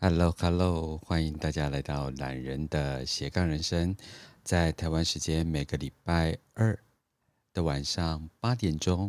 Hello，Hello，hello，歡迎大家來到懶人的斜槓人生，在台灣時間每個禮拜二的晚上八點鐘，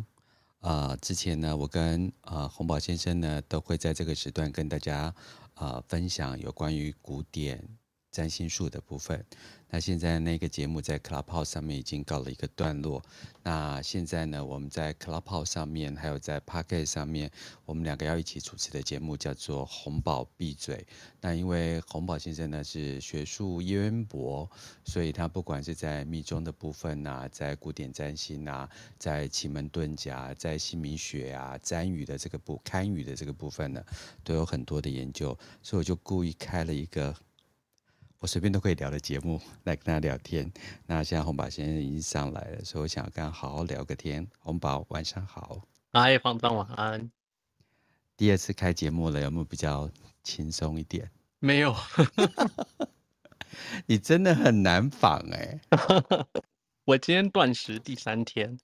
啊、呃，之前呢，我跟啊、呃、泓葆先生呢，都會在這個時段跟大家啊、呃、分享有關於古典。占星術的部分，那現在那個節目在 Clubhouse 上面已經告了一個段落。那現在呢，我們在 Clubhouse 上面，還有在 Pocket 上面，我們兩個要一起主持的節目叫做《泓葆閉嘴》。那因為泓葆先生呢是學術淵博，所以他不管是在密宗的部分啊，在古典占星啊，在奇門遁甲，在姓名學啊，占宇的這個部，堪輿的這個部分呢，都有很多的研究，所以我就故意開了一個我隨便都可以聊的節目來跟他聊天。那現在泓葆先生已經上來了，所以我想要跟他好好聊個天。泓葆晚上好。哎，方丈晚安。第二次開節目了，有沒有比較輕鬆一點？沒有， 你真的很難訪哎、欸。 我今天斷食第三天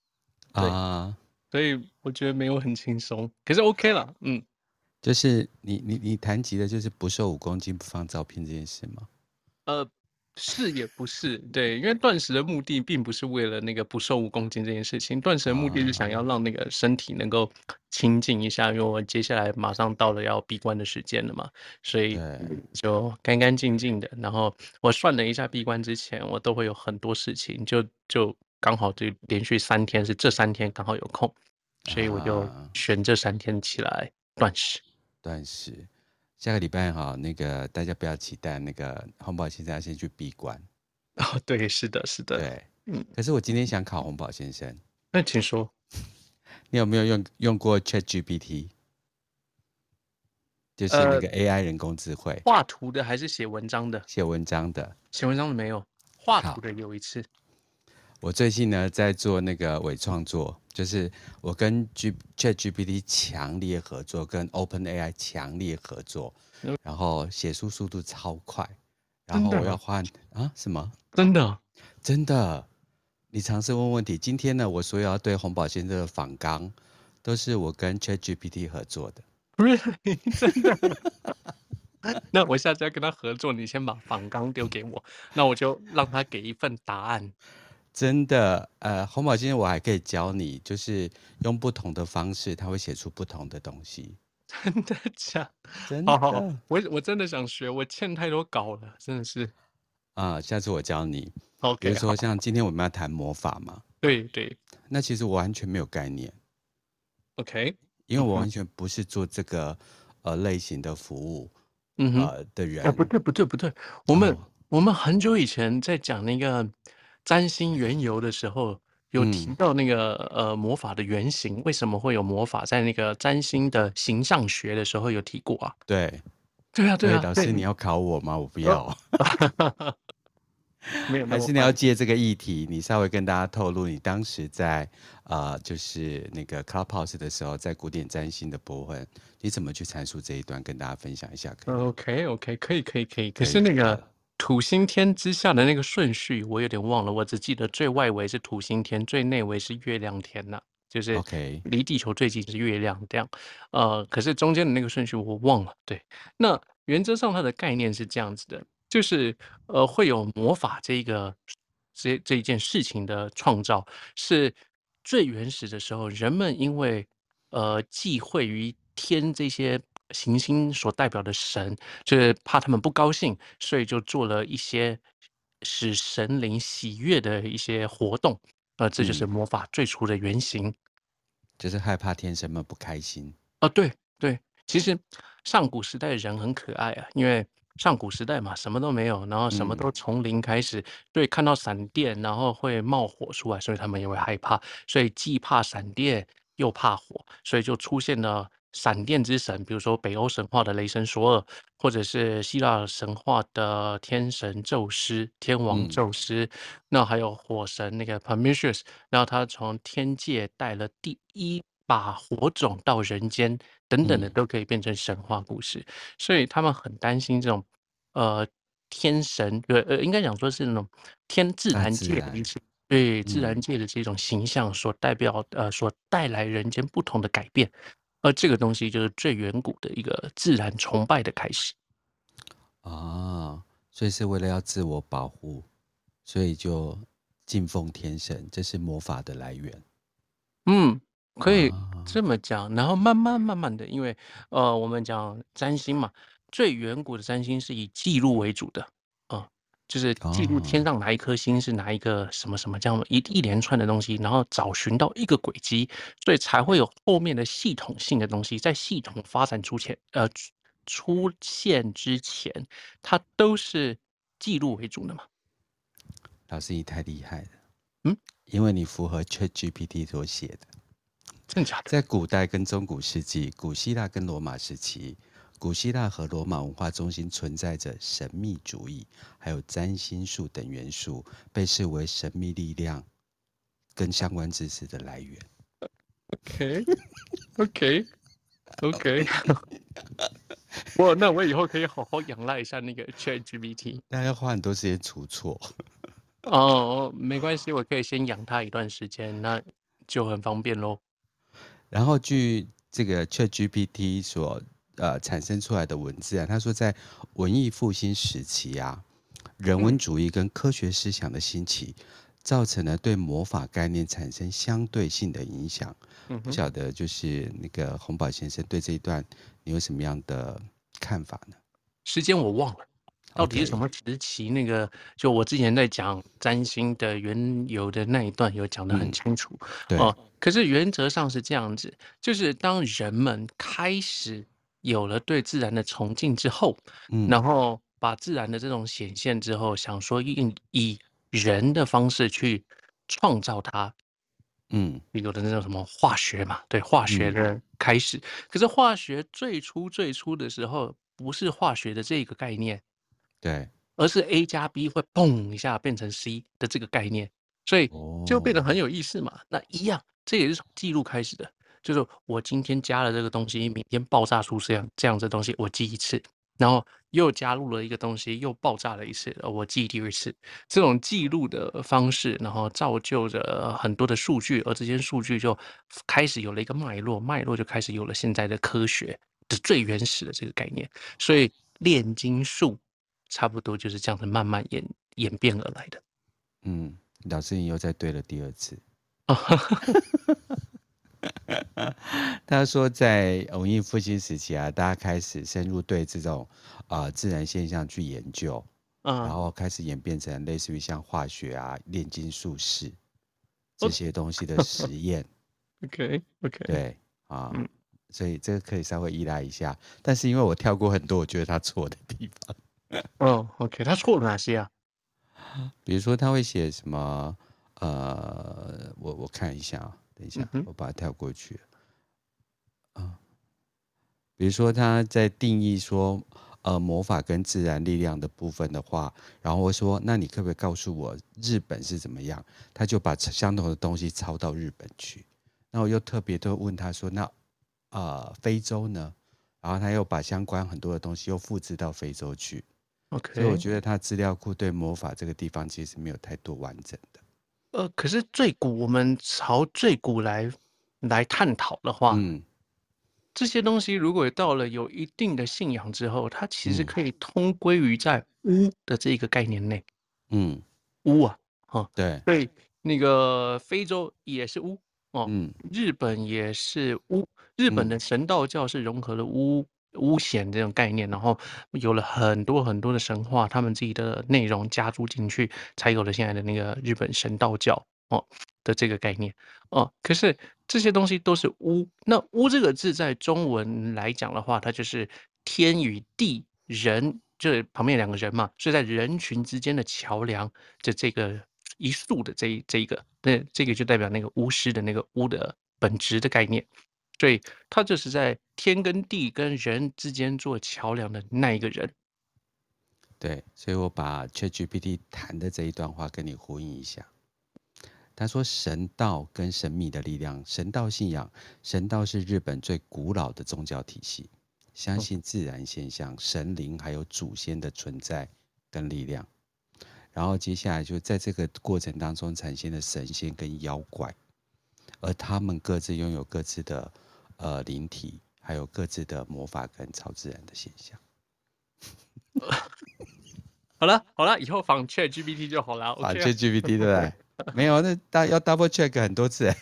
啊，所以我覺得沒有很輕鬆，可是 OK 了，嗯。就是你你你談及的就是不瘦五公斤不放照片這件事嗎？呃，是也不是，對，因為斷食的目的並不是為了那個不瘦五公斤這件事情，斷食的目的是想要讓那個身體能夠清靜一下，嗯，因為我接下來馬上到了要閉關的時間了嘛，所以就乾乾淨淨的。然後我算了一下，閉關之前我都會有很多事情，就就剛好就連續三天是這三天剛好有空，所以我就選這三天起來斷食。嗯嗯、斷食。下個禮拜哈，那個大家不要期待那個泓葆先生要先去閉關哦。對，是的，是的，對，嗯。可是我今天想考泓葆先生，那、嗯、請說。你有沒有用用過 ChatGPT？就是那個 AI 人工智慧。畫、呃、圖的還是寫文章的？寫文章的。寫文章的沒有？畫圖的有一次。我最近呢，在做那個偽創作，就是我跟 Chat GPT 強烈合作，跟 Open AI 強烈合作，然後寫書速度超快，然後我要換啊什麼？真的？真的？你嘗試問，問問題。今天呢，我所有要對泓葆先生的訪綱，都是我跟 Chat GPT 合作的，不、really? 是真的？ 那我下次要跟他合作，你先把訪綱丟給我， 那我就讓他給一份答案。真的，呃，泓葆今天我還可以教你，就是用不同的方式，他會寫出不同的東西。真的假的？真的。好好我我真的想學，我欠太多稿了，真的是。啊、呃，下次我教你。Okay, 比如說，像今天我們要談魔法嘛？對對。那其實我完全沒有概念。OK。因為我完全不是做這個呃類型的服務、呃，嗯哼，的人。啊，不對不對不對，不對哦、我們我們很久以前在講那個占星原由的時候有提到那個、嗯、呃魔法的原型，為什麼會有魔法？在那個占星的形象學的時候有提過啊？對，對啊，對啊。老師對，你要考我嗎？我不要。 沒有，還是你要借這個議題，你稍微跟大家透露，你當時在呃，就是那個 Clubhouse 的時候，在古典占星的部分，你怎麼去闡述這一段，跟大家分享一下？OK，OK，okay, okay, 可以，可以，可以。可，以可是那個。土星天之下的那個順序我有點忘了，我只記得最外圍是土星天，最內圍是月亮天吶、啊，就是離地球最近是月亮這樣。Okay. 呃，可是中間的那個順序我忘了。對，那原則上它的概念是這樣子的，就是呃會有魔法這一個這這一件事情的創造是最原始的時候，人們因為呃忌諱於天這些。行星所代表的神，就是怕他們不高興，所以就做了一些使神靈喜悅的一些活動。呃，這就是魔法最初的原型。嗯、就是害怕天神們不開心啊、哦！對對，其實上古時代的人很可愛啊，因為上古時代嘛，什麼都沒有，然後什麼都從零開始，嗯、所以看到閃電，然後會冒火出來，所以他們也會害怕，所以既怕閃電又怕火，所以就出現了。閃電之神，比如說北歐神話的雷神索爾，或者是希臘神話的天神宙斯、天王宙斯，嗯、那還有火神那個 Prometheus，然後他從天界帶了第一把火種到人間，等等的都可以變成神話故事。嗯、所以他們很擔心這種，呃，天神，對，呃，應該講說是那種天自然界的、啊、自然對自然界的這種形象所代表，嗯、呃，所帶來人間不同的改變。而這個東西就是最遠古的一個自然崇拜的開始啊，所以是為了要自我保護，所以就敬奉天神，這是魔法的來源。嗯，可以這麼講。啊、然後慢慢慢慢的，因為呃，我們講占星嘛，最遠古的占星是以記錄為主的。就是記錄天上哪一顆星是哪一個什麼什麼這樣一一連串的東西，然後找尋到一個軌跡，所以才會有後面的系統性的東西。在系統發展出現呃出現之前，它都是記錄為主的嘛。老師，你太厲害了，嗯，因為你符合 ChatGPT 所寫的，真假的，在古代跟中古世紀、古希臘跟羅馬時期。古希臘和羅馬文化中心存在着神秘主義，還有占星術等元素，被視為神秘力量跟相關知識的來源。OK，OK，OK、okay, okay, okay. 哇，那我以後可以好好仰賴一下那個 ChatGPT。那 要花很多時間除錯。哦、 oh,，沒關係，我可以先養它一段時間，那就很方便嘍。然後，據這個 ChatGPT 所。呃，產生出來的文字啊，他說在文藝復興時期啊，人文主義跟科學思想的興起，嗯，造成了對魔法概念產生相對性的影響。嗯，不曉得就是那個泓葆先生對這一段你有什麼樣的看法呢？時間我忘了，到底是什麼時期？那個、okay. 就我之前在講占星的原有的那一段有講得很清楚。嗯、對、哦、可是原則上是這樣子，就是當人們開始。有了對自然的崇敬之後，嗯，然後把自然的這種顯現之後，想說用以，以人的方式去創造它，嗯，比如的那種什麼化學嘛，對，化學的開始。嗯嗯、可是化學最初最初的時候，不是化學的這個概念，對，而是 A 加 B 會嘣一下變成 C 的這個概念，所以就變得很有意思嘛。哦、那一樣，這也是從記錄開始的。就是我今天加了這個東西，明天爆炸出這樣這樣子的東西，我記一次；然後又加入了一個東西，又爆炸了一次，我記第二次。這種記錄的方式，然後造就着很多的數據，而這些數據就開始有了一個脈絡，脈絡就開始有了現在的科學的最原始的這個概念。所以煉金術差不多就是這樣子慢慢演演變而來的。嗯，老師你又在對了第二次。 他說，在文藝復興時期啊，大家開始深入對這種啊、呃、自然現象去研究，嗯、uh,，然後開始演變成類似於像化學啊、煉金術士這些東西的實驗。Oh. OK，OK，、okay, okay. 對啊、呃嗯，所以這個可以稍微依賴一下，但是因為我跳過很多我覺得他錯的地方。哦、 oh,，OK，他錯了哪些啊？ 比如說他會寫什麼？呃，我我看一下啊。等一下，我把它跳過去啊、嗯。比如說他在定義說，呃，魔法跟自然力量的部分的話，然後我說，那你可不可以告訴我日本是怎麼樣？他就把相同的東西抄到日本去。那我又特別的問他說，那啊、呃，非洲呢？然後他又把相關很多的東西又複製到非洲去。OK，所以我覺得他資料庫對魔法這個地方其實是沒有太多完整的。呃，可是最古，我們朝最古來來探討的話，嗯，這些東西如果到了有一定的信仰之後，它其實可以通歸於在巫的這一個概念內，嗯，巫啊，哈、嗯，對，所以那個非洲也是巫哦、嗯，日本也是巫，日本的神道教是融合了巫。巫險這種概念，然後有了很多很多的神話，他們自己的內容加入進去，才有了現在的那個日本神道教哦的這個概念哦。可是這些東西都是巫，那巫這個字在中文來講的話，它就是天與地，人，就是旁邊兩個人嘛，所以在人群之間的橋梁，就這個一豎的這一這一個，那這個就代表那個巫師的那個巫的本質的概念。所以他就是在天跟地跟人之間做橋樑的那一個人。對，所以我把 ChatGPT 談的這一段話跟你呼應一下。他說神道跟神秘的力量，神道信仰，神道是日本最古老的宗教體系，相信自然現象、哦、神靈還有祖先的存在跟力量。然後接下來就在這個過程當中產生了神仙跟妖怪，而他們各自擁有各自的。呃，靈體還有各自的魔法跟超自然的現象。 好了好了，以後仿 ChatGPT 就好了。Okay 啊、 仿 ChatGPT 對不對？ 沒有，那大要 double check 很多次。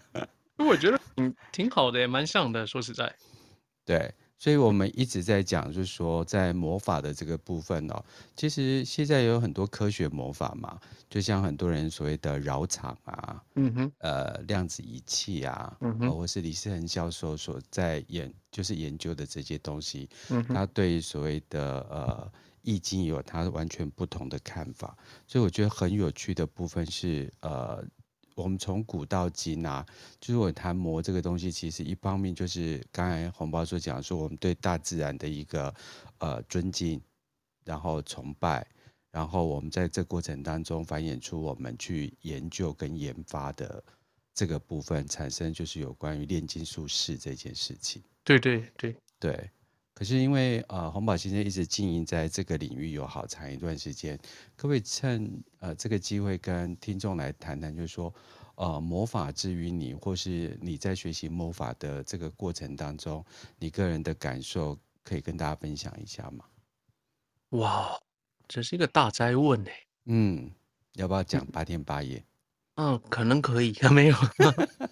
我覺得嗯挺好的，也 蠻像的，說實在。對。所以，我們一直在講，就是說，在魔法的這個部分哦，其實現在有很多科學魔法嘛，就像很多人所謂的擾場啊，嗯哼，呃，量子儀器啊，嗯哼，或是李世恆教授所在研，就是研究的這些東西，嗯哼，他對所謂的呃易經有他完全不同的看法，所以我覺得很有趣的部分是呃。我們從古到今啊，就是我談魔這個東西，其實一方面就是剛才泓葆說講說，我們對大自然的一個呃尊敬、然後崇拜，然後我們在這過程當中繁衍出我們去研究跟研發的這個部分，產生就是有關於煉金術士這件事情。對對對對。可是因為呃，泓葆先生一直經營在這個領域有好長一段時間，可不可以趁呃這個機會跟聽眾來談談，就是說呃魔法之於你，或是你在學習魔法的這個過程當中，你個人的感受可以跟大家分享一下嗎？哇，這是一個大哉問哎。嗯，要不要講八天八夜？ 嗯，可能可以。沒有，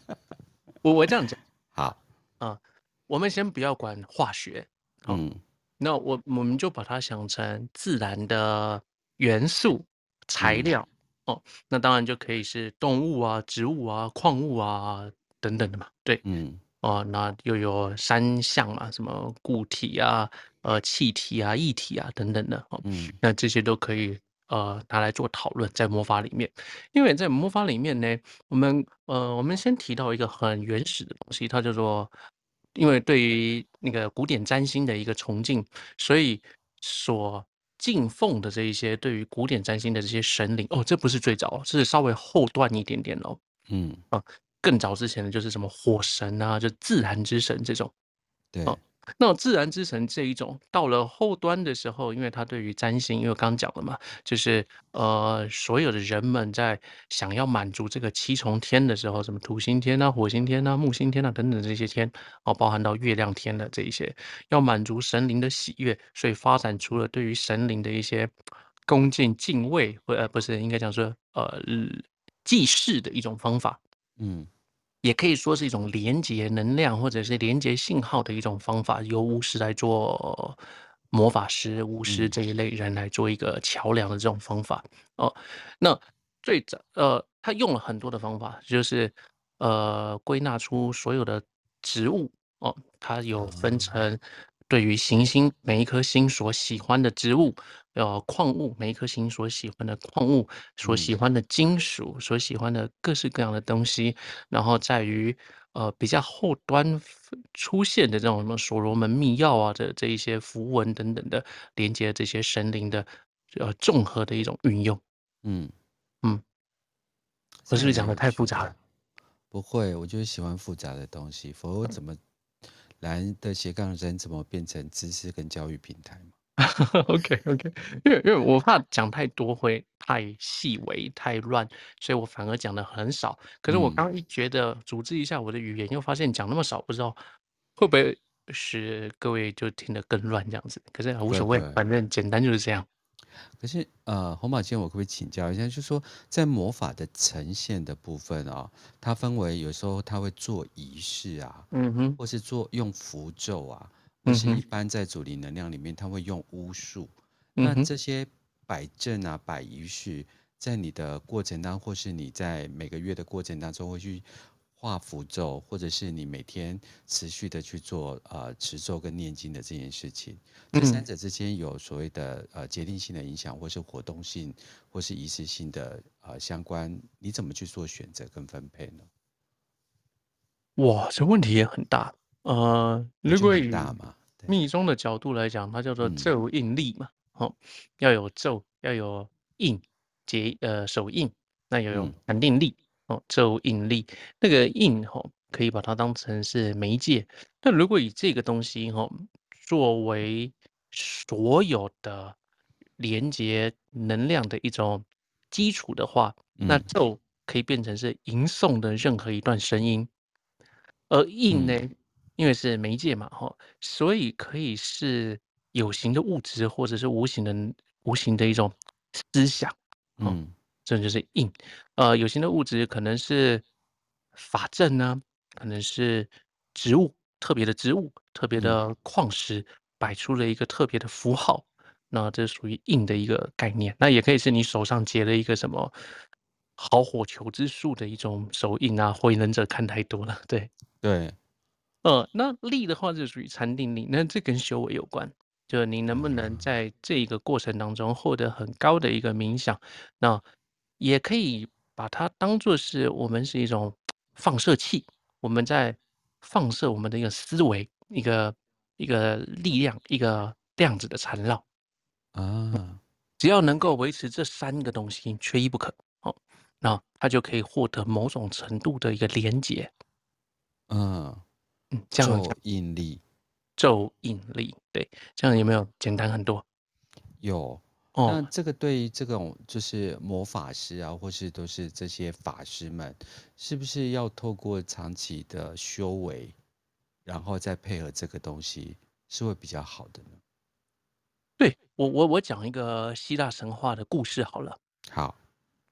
我我這樣講。好。嗯，我們先不要管化學。嗯、哦，那我我們就把它想成自然的元素材料，嗯、哦，那當然就可以是動物啊、植物啊、礦物啊等等的嘛。對，嗯，哦，那又有三項啊，什麼固體啊、呃、氣體啊、液體啊等等的，哦，嗯，那這些都可以呃拿來做討論，在魔法裡面，因為在魔法裡面呢，我們呃我們先提到一個很原始的東西，它叫做。因為對於那個古典占星的一個崇敬，所以所敬奉的這一些對於古典占星的這些神靈，哦，這不是最早，這是稍微後段一點點哦。嗯啊，更早之前的，就是什麼火神啊，就自然之神這種。對。啊那自然之神這一種到了後端的時候，因為他對於占星，因為我剛講了嘛，就是呃，所有的人們在想要滿足這個七重天的時候，什麼土星天啊、火星天啊、木星天啊等等這些天，哦，包含到月亮天的這一些，要滿足神靈的喜悅，所以發展出了對於神靈的一些恭敬敬畏或呃，不是，應該講說呃祭祀的一種方法，嗯。也可以說是一種連接能量或者是連接信號的一種方法，由巫師來做，魔法師、巫師這一類人來做一個橋樑的這種方法哦。那最早，呃，他用了很多的方法，就是呃，歸納出所有的植物哦，呃，它有分成。對於行星每一顆星所喜歡的植物，呃，礦物，每一顆星所喜歡的礦物，所喜歡的金屬，嗯、所喜歡的各式各樣的東西，然後在於呃比較後端出現的這種什麼所羅門密鑰啊的這，這一些符文等等的，連接這些神靈的呃綜合的一種運用。嗯嗯，我是不是講的太複雜了？不會，我就是喜歡複雜的東西，否則我怎麼？嗯男的斜槓人怎麼變成知識跟教育平台？ OK, OK，因為因為我怕講太多會太細微太亂，所以我反而講得很少。可是我剛一覺得組織一下我的語言，嗯、又發現講那麼少，不知道會不會使各位就聽得更亂這樣子。可是無所謂，反正簡單就是這樣。可是，呃，泓葆先生，我可不可以請教一下？就是說在魔法的呈現的部分啊、哦，它分為有時候他會做儀式啊，嗯哼，或是做用符咒啊、嗯，或是一般在主力能量裡面，他會用巫術、嗯。那這些擺陣啊、擺儀式，在你的過程當中，或是你在每個月的過程當中，會去畫符咒，或者是你每天持續的去做呃持咒跟念經的這件事情，這三者之間有所謂的呃決定性的影響，或是活動性，或是儀式性的呃相關，你怎麼去做選擇跟分配呢？哇，這個、問題也很大。呃，如果以密宗的角度來講，它叫做咒印力嘛、嗯，哦，要有咒，要有印結呃手印，那要用壇定力。嗯哦，咒引力，那個印哈、哦，可以把它當成是媒介。那如果以這個東西哈、哦，作為所有的連接能量的一種基礎的話，那咒可以變成是吟誦的任何一段聲音、嗯。而印呢、嗯，因為是媒介嘛哈、哦，所以可以是有形的物質，或者是無形的無形的一種思想。哦、嗯。這就是印，呃，有形的物質可能是法陣呢、啊，可能是植物，特別的植物，特別的礦石擺出了一個特別的符號，嗯、那這是屬於印的一個概念。那也可以是你手上結了一個什麼好火球之術的一種手印啊。火影忍者看太多了，對對，呃，那力的話是屬於禪定力，那這跟修為有關，就是你能不能在這一個過程當中獲得很高的一個冥想，嗯、那。也可以把它當作是我們是一種放射器，我們在放射我們的一個思維、一個一個力量、一個量子的纏繞啊。只要能夠維持這三個東西，缺一不可。好、哦，那它就可以獲得某種程度的一個連接。嗯嗯，這樣。咒引力，咒引力，對，這樣有沒有簡單很多？有。那這個對於這種就是魔法師啊，或是都是這些法師們，是不是要透過長期的修為，然後再配合這個東西，是會比較好的呢？對我，我我講一個希臘神話的故事好了。好，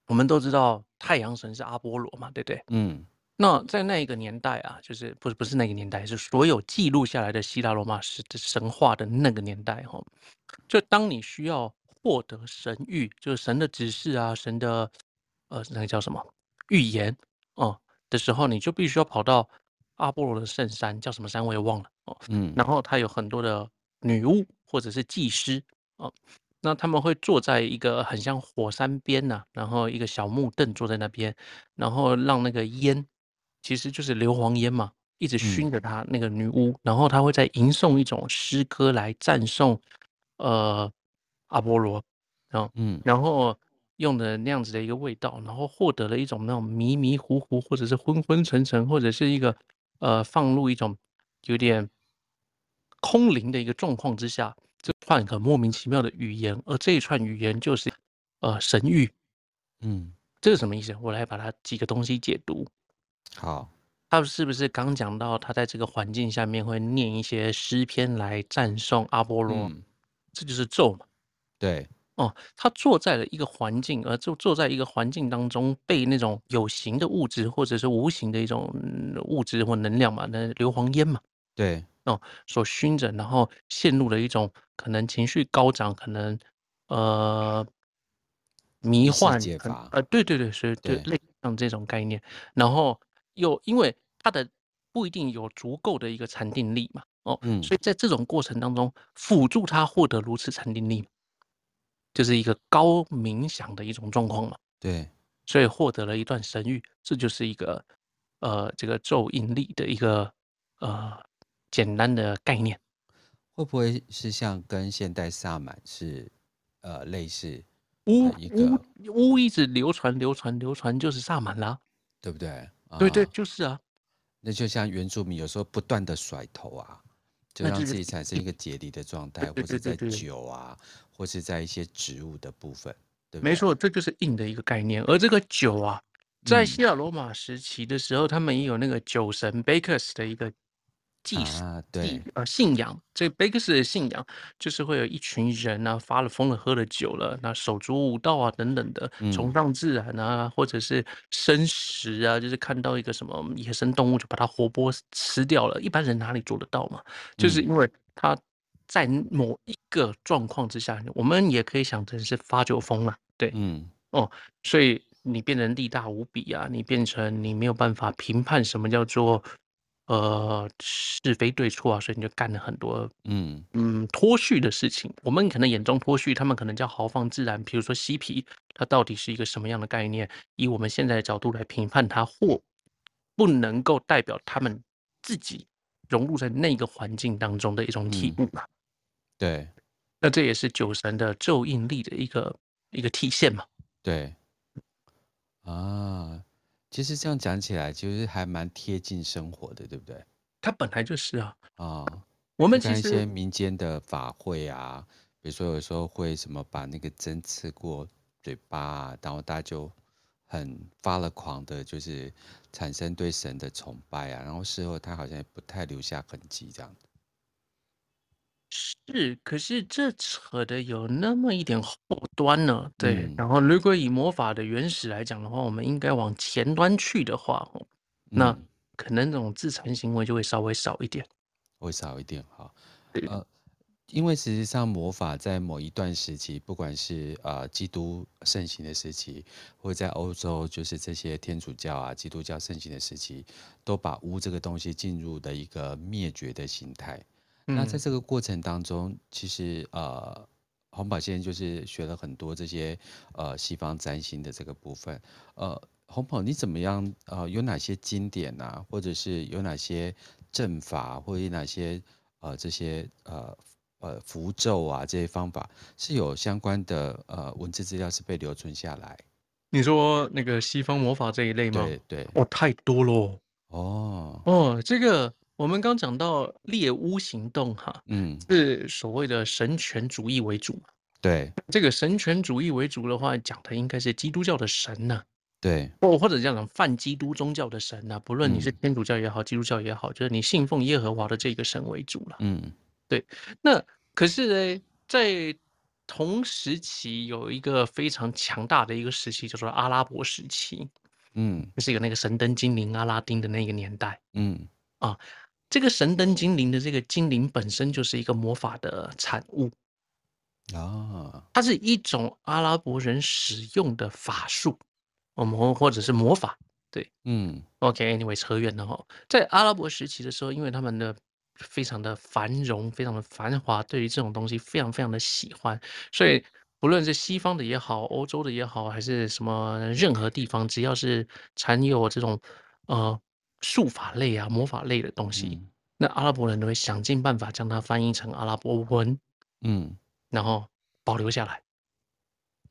我們都知道太陽神是阿波羅嘛，對不對？嗯。那在那個年代啊，就是不是不是那個年代，是所有記錄下來的希臘羅馬史神話的那個年代哈。就當你需要。獲得神諭，就是神的指示啊，神的，呃，那個叫什麼預言啊、呃、的時候，你就必須要跑到阿波羅的聖山，叫什麼山我也忘了哦、呃。嗯，然後他有很多的女巫或者是祭師啊、呃，那他們會坐在一個很像火山邊吶、啊，然後一個小木凳，坐在那邊，然後讓那個煙，其實就是硫磺煙嘛，一直燻着他、嗯、那個女巫，然後他會再吟誦一種詩歌來讚頌，呃。阿波羅，嗯，然後用的那樣子的一個味道，然後獲得了一種那種迷迷糊糊，或者是昏昏沉沉，或者是一個呃放入一種有點空靈的一個狀況之下，就換一個莫名其妙的語言，而這一串語言就是呃神諭，嗯，這是什麼意思？我來把它幾個東西解讀。好，他是不是剛講到他在這個環境下面會念一些詩篇來讚頌阿波羅？嗯，這就是咒嘛。對哦，他坐在了一個環境，而、呃、就坐在一個環境當中，被那種有形的物質或者是無形的一種物質或能量嘛，那硫磺煙嘛，對哦，所燻着，然後陷入了一種可能情緒高漲，可能呃迷幻法，呃對對對，所以對，對類似這種概念，然後又因為他的不一定有足夠的一個禪定力嘛，哦、嗯、所以在這種過程當中輔助他獲得如此禪定力。就是一個高冥想的一種狀況了，對，所以獲得了一段神諭。這就是一個呃這個咒音力的一個呃簡單的概念。會不會是像跟現代薩滿是呃類似？巫巫一直流傳流傳流傳就是薩滿啦、啊，對不對？啊、對對，就是啊。那就像原住民有時候不斷的甩頭啊。就讓自己產生一個解離的狀態，就是，或是在酒啊，對對對對對，或是在一些植物的部分，對，對沒錯，這就是硬的一個概念。而這個酒啊，在西臘羅馬時期的時候，嗯，他們也有那個酒神貝 a c 的一個。祭、啊、祀，對，信仰，這貝克斯的信仰就是會有一群人啊，發了瘋了，喝了酒了，那手足舞蹈啊，等等的，崇尚自然啊、嗯，或者是生食啊，就是看到一個什麼野生動物就把它活剝吃掉了，一般人哪裡做得到嘛？就是因為它在某一個狀況之下，嗯、我們也可以想成是發酒瘋了，對，哦、嗯嗯，所以你變成力大無比啊，你變成你沒有辦法評判什麼叫做。呃，是非對錯啊，所以你就幹了很多，嗯嗯，脫序的事情。我們可能眼中脫序，他們可能叫豪放自然。比如說嬉皮，它到底是一個什麼樣的概念？以我們現在的角度來評判它，或不能夠代表他們自己融入在那個環境當中的一種體悟吧、嗯？對，那這也是酒神的咒印力的一個一個體現嘛？對，啊。其實這樣講起來，就是還蠻貼近生活的，對不對？它本來就是啊啊、嗯，我們其實一些民間的法會啊，比如說有時候會什麼把那個針刺過嘴巴、啊、然後大家就很發了狂的，就是產生對神的崇拜啊，然後事後他好像也不太留下痕跡這樣。是，可是這扯的有那麼一點後端呢？對，嗯、然後如果以魔法的原始來講的話，我們應該往前端去的話、嗯，那可能這種自殘行為就會稍微少一點，會少一點。哈。呃，因為實際上魔法在某一段時期，不管是呃基督盛行的時期，或在歐洲就是這些天主教啊、基督教盛行的時期，都把巫這個東西進入的一個滅絕的形態。那在這個過程當中，嗯、其實呃，泓葆先生就是學了很多這些呃西方占星的這個部分。呃，泓葆你怎麼樣？呃，有哪些經典啊？或者是有哪些陣法，或者有哪些呃這些呃呃符咒啊這些方法是有相關的呃文字資料是被留存下來？你說那個西方魔法這一類嗎？對對。哇，太多了、喔、哦哦這個。我們剛講到獵巫行動，哈，嗯，是所謂的神權主義為主嘛，對，這個神權主義為主的話，講的應該是基督教的神吶、啊，對，或或者講，講泛基督宗教的神吶、啊，不論你是天主教也好、嗯，基督教也好，就是你信奉耶和華的這個神為主了，嗯，對。那可是呢，在同時期有一個非常強大的一個時期，叫做阿拉伯時期，嗯，是有那個神燈精靈阿拉丁的那個年代，嗯，啊。這個神燈精靈的這個精靈本身就是一個魔法的產物啊，它是一種阿拉伯人使用的法術，我們或者是魔法，對，嗯，OK，anyway，okay, 扯遠了哈。在阿拉伯時期的時候，因為他們的非常的繁榮，非常的繁華，對於這種東西非常非常的喜歡，所以不論是西方的也好，歐洲的也好，還是什麼任何地方，只要是摻有這種，呃。術法類啊，魔法類的東西，嗯、那阿拉伯人都會想盡辦法將它翻譯成阿拉伯文，嗯，然後保留下來，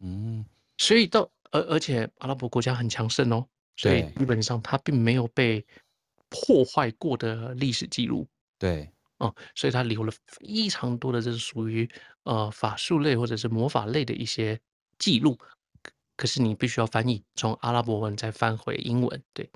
嗯，所以到而而且阿拉伯國家很強盛哦，所以基本上它並沒有被破壞過的歷史記錄，對，哦、嗯，所以它留了非常多的就是屬於呃法術類或者是魔法類的一些記錄，可是你必須要翻譯，從阿拉伯文再翻回英文，對。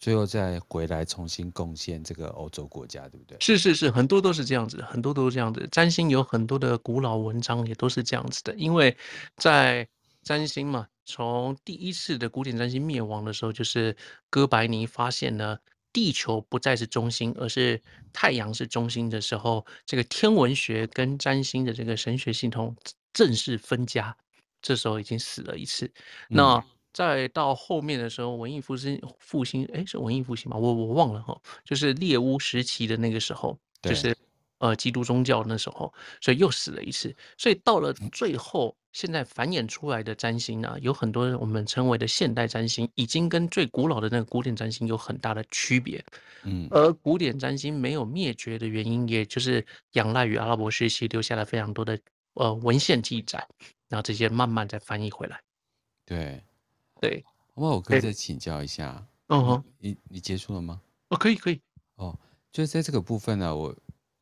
最後再回來重新貢獻這個歐洲國家，對不對？是是是，很多都是這樣子，很多都是這樣子。占星有很多的古老文章也都是這樣子的，因為在占星嘛，從第一次的古典占星滅亡的時候，就是哥白尼發現呢，地球不再是中心，而是太陽是中心的時候，這個天文學跟占星的這個神學系統正式分家，這時候已經死了一次。嗯。那再到後面的時候，文藝復興復興，哎、欸，是文藝復興吧？我我忘了哈，就是獵巫時期的那個時候，對就是呃，基督宗教那時候，所以又死了一次。所以到了最後，現在繁衍出來的占星呢、啊嗯，有很多我們稱為的現代占星，已經跟最古老的那個古典占星有很大的區別。嗯，而古典占星沒有滅絕的原因，也就是仰賴於阿拉伯時期，留下了非常多的呃文獻記載，然後這些慢慢再翻譯回來。對。對，那我可以再請教一下。嗯哼，uh-huh. 你你結束了嗎？哦，可以可以。哦，就是在這個部分呢、啊，我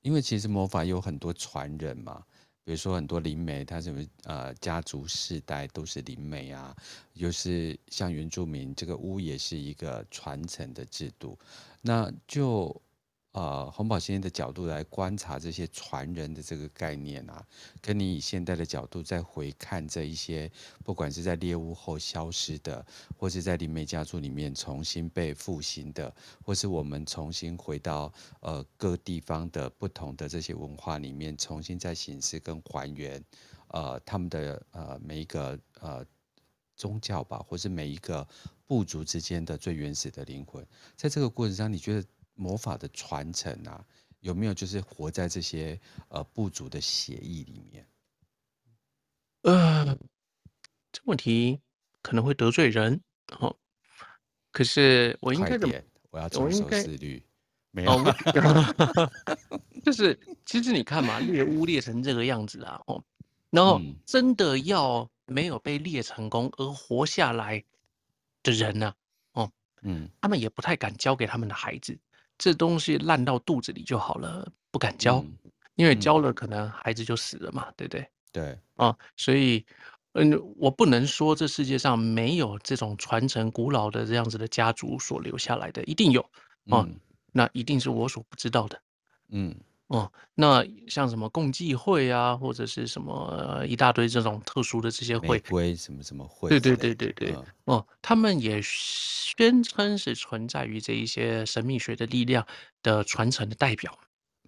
因為其實魔法有很多傳人嘛，比如說很多靈媒他是，他什麼呃家族世代都是靈媒啊，就是像原住民這個巫也是一個傳承的制度，那就。呃，泓葆先生的角度來觀察這些傳人的這個概念啊，跟你以現代的角度再回看這一些，不管是在獵物後消失的，或是在靈媒家族裡面重新被復興的，或是我們重新回到呃各地方的不同的這些文化裡面，重新再形式跟還原，呃，他們的呃每一個呃宗教吧，或是每一個部族之間的最原始的靈魂，在這個過程中，你覺得？魔法的傳承啊，有沒有就是活在這些呃部族的協議裡面？呃，這問題可能會得罪人哦。可是我應該怎麼？我要遵守自律。沒有。 就是其實你看嘛，獵巫獵成這個樣子啊，哦，然後、嗯、真的要沒有被獵成功而活下來的人呢、啊，哦，嗯，他們也不太敢交給他們的孩子。這東西爛到肚子裡就好了，不敢教、嗯，因為教了可能孩子就死了嘛，嗯、對不對？對，啊，所以，嗯，我不能說這世界上沒有這種傳承古老的這樣子的家族所留下來的，一定有，啊，嗯、那一定是我所不知道的，嗯。哦，那像什麼共濟會啊，或者是什麼、呃、一大堆這種特殊的這些會，什麼什麼會，對對對對對，哦，哦，他們也宣稱是存在於這一些神秘學的力量的傳承的代表。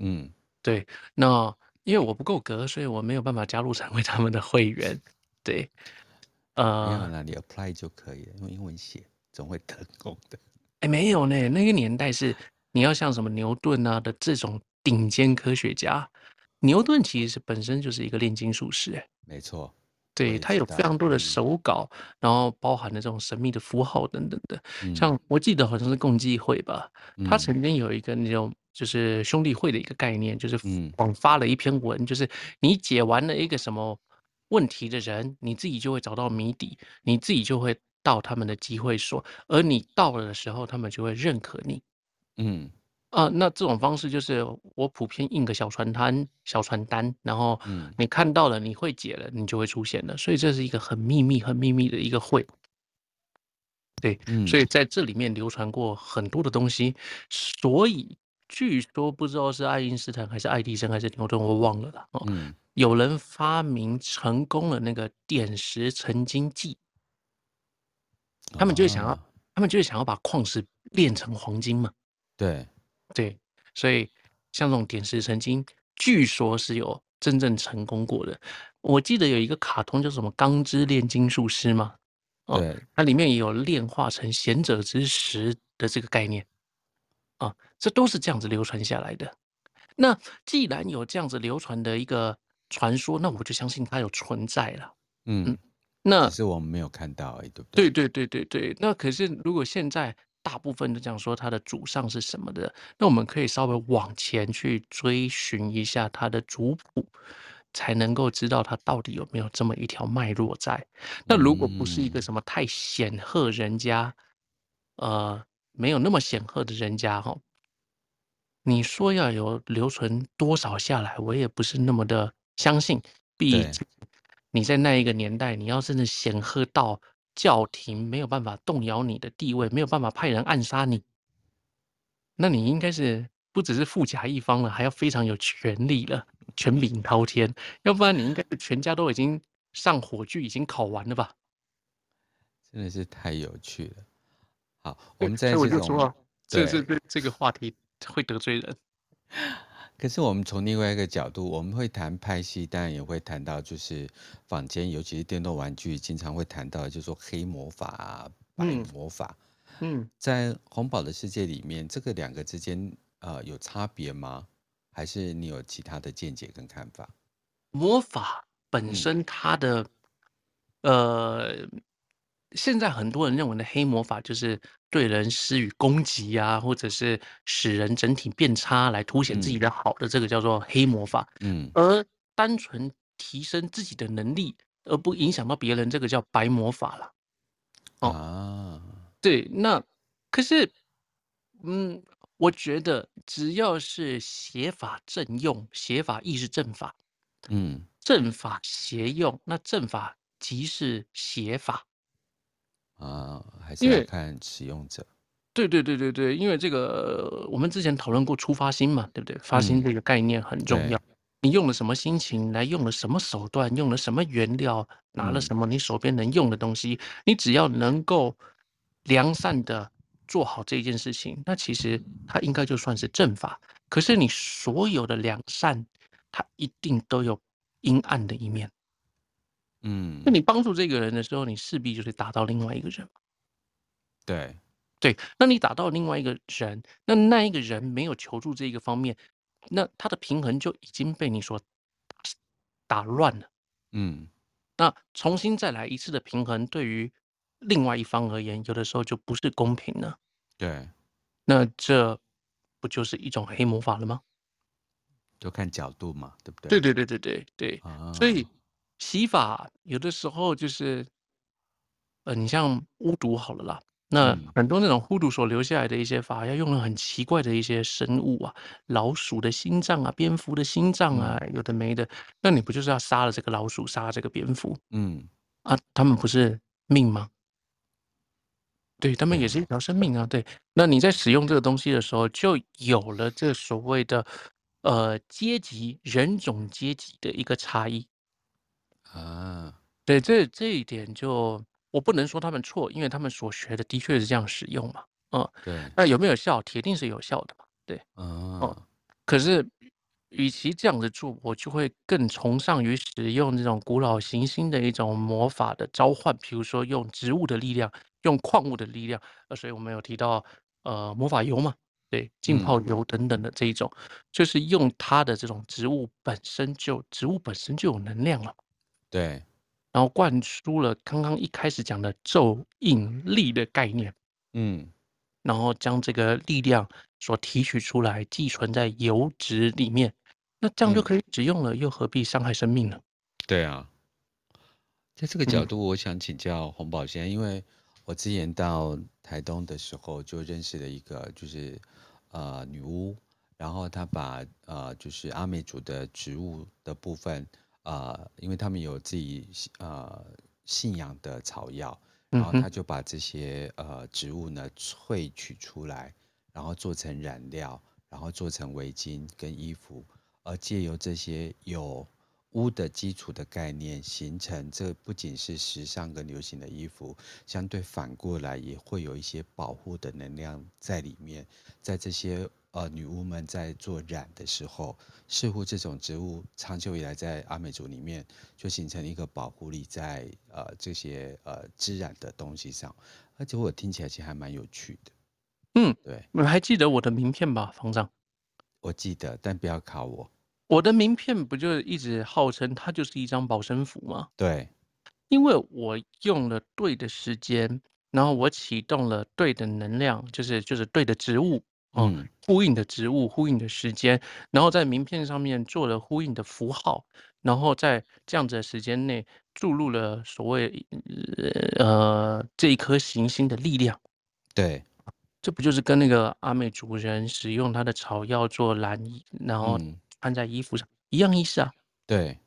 嗯，對。那因為我不夠格，所以我沒有辦法加入成為他們的會員。 對，呃，那你 apply 就可以了，用英文寫，總會成功的。哎、欸，沒有呢，那個年代是你要像什麼牛頓啊的這種。頂尖科學家牛頓其實是本身就是一個煉金術士、欸，哎，沒錯，對他有非常多的手稿、嗯，然後包含了這種神秘的符號等等的。像我記得好像是共濟會吧、嗯，他曾經有一個那種就是兄弟會的一個概念，嗯、就是廣發了一篇文、嗯，就是你解完了一個什麼問題的人，你自己就會找到謎底，你自己就會到他們的集會所，而你到了的時候，他們就會認可你，嗯。啊、呃，那這種方式就是我普遍印個小傳單、小傳單，然後，你看到了，你會解了，你就會出現了、嗯。所以這是一個很秘密、很秘密的一個會，對，嗯、所以在這裡面流傳過很多的東西。所以據說不知道是愛因斯坦還是愛迪生還是牛頓，我忘了啦，哦，嗯、有人發明成功了那個點石成金劑、哦啊，他們就想要，他們就想要把礦石煉成黃金嘛，對。對，所以像這種點石成金，據說是有真正成功過的。我記得有一個卡通，叫什麼《鋼之煉金術師》嘛，哦對，它裡面也有煉化成賢者之石的這個概念，啊、哦，這都是這樣子流傳下來的。那既然有這樣子流傳的一個傳說，那我就相信它有存在了。嗯，嗯那只是我們沒有看到而已，對不對？對對對對對。那可是如果現在。大部分都講說他的祖上是什麼的，那我們可以稍微往前去追尋一下他的族譜，才能夠知道他到底有沒有這麼一條脈絡在。那如果不是一個什麼太顯赫人家，嗯、呃，沒有那麼顯赫的人家哈、哦，你說要有留存多少下來，我也不是那麼的相信。畢竟你在那一個年代，你要真的顯赫到。教廷沒有辦法動搖你的地位，沒有辦法派人暗殺你，那你應該是不只是富甲一方了，還要非常有權力了，權柄滔天。要不然你應該是全家都已經上火炬，已經烤完了吧？真的是太有趣了。好，我們再這種，這這這這個話題會得罪人。可是我們從另外一個角度，我們會談拍戲，當然也會談到就是坊間，尤其是電動玩具，經常會談到，就是說黑魔法、啊、白魔法。嗯，嗯，在泓葆的世界裡面，這個兩個之間啊、呃、有差別嗎？還是你有其他的見解跟看法？魔法本身它的、嗯、呃，現在很多人認為的黑魔法就是。對人施予攻擊呀、啊，或者是使人整體變差來凸顯自己的好的，這個叫做黑魔法嗯。嗯，而單純提升自己的能力而不影響到別人，這個叫白魔法啦。哦、啊，對，那可是，嗯，我覺得只要是邪法正用，邪法亦是正法。嗯，正法邪用，那正法即是邪法。啊、呃，還是要看使用者。對對對對對，因為這個、呃、我們之前討論過初發心嘛，對不對？發心這個概念很重要。嗯、你用了什麼心情，來用了什麼手段，用了什麼原料，拿了什麼你手邊能用的東西、嗯，你只要能夠良善的做好這件事情，那其實它應該就算是正法。可是你所有的良善，它一定都有陰暗的一面。嗯，那你幫助這個人的時候，你勢必就是打到另外一個人。對，對，那你打到另外一個人，那那一個人沒有求助這個方面，那他的平衡就已經被你所打亂了。嗯，那重新再來一次的平衡，對於另外一方而言，有的時候就不是公平了。對，那這不就是一種黑魔法了嗎？就看角度嘛，對不對？對對對對對對，哦，所以。西法有的時候就是，呃，你像巫毒好了啦，那很多那種巫毒所留下來的一些法，要用了很奇怪的一些生物啊，老鼠的心臟啊，蝙蝠的心臟啊，有的沒的，那你不就是要殺了這個老鼠，殺這個蝙蝠？嗯，啊，他們不是命嗎？對，他們也是一條生命啊。對，那你在使用這個東西的時候，就有了這所謂的呃階級、人種階級的一個差異。啊，對，這這一點就我不能說他們錯，因為他們所學的的確是這樣使用嘛，嗯，對，那有沒有效？鐵定是有效的嘛，對，啊，嗯，可是與其這樣子做，我就會更崇尚於使用這種古老行星的一種魔法的召喚，比如說用植物的力量，用礦物的力量，呃，所以我們有提到，呃，魔法油嘛，對，浸泡油等等的這一種，嗯，就是用它的這種植物本身就植物本身就有能量了。對，然後灌輸了剛剛一開始講的咒引力的概念，嗯，然後將這個力量所提取出來，寄存在油脂裡面，那這樣就可以使用了，又何必傷害生命呢？嗯、對啊，在這個角度，我想請教泓葆先、嗯、因為我之前到台東的時候就認識了一個，就是呃女巫，然後她把呃就是阿美族的植物的部分。呃，因為他們有自己呃信仰的草藥，然後他就把這些呃植物呢萃取出來，然後做成染料，然後做成圍巾跟衣服，而借由這些有污的基礎的概念形成，這不僅是時尚跟流行的衣服，相對反過來也會有一些保護的能量在裡面，在這些。呃，女巫們在做染的時候，似乎這種植物長久以來在阿美族裡面就形成一個保護力在，在呃這些呃織染的東西上，而且我聽起來其實還蠻有趣的。嗯，對，你還記得我的名片吧，方丈？我記得，但不要考我。我的名片不就一直號稱它就是一張保身符嗎？對，因為我用了對的時間，然後我啟動了對的能量，就是就是對的植物。嗯，呼應的植物，呼應的時間，然後在名片上面做了呼應的符號，然後在這樣子的時間內注入了所謂呃這一顆行星的力量。對，這不就是跟那個阿美族人使用他的草藥做藍衣，然後穿在衣服上、嗯、一樣意思啊？對。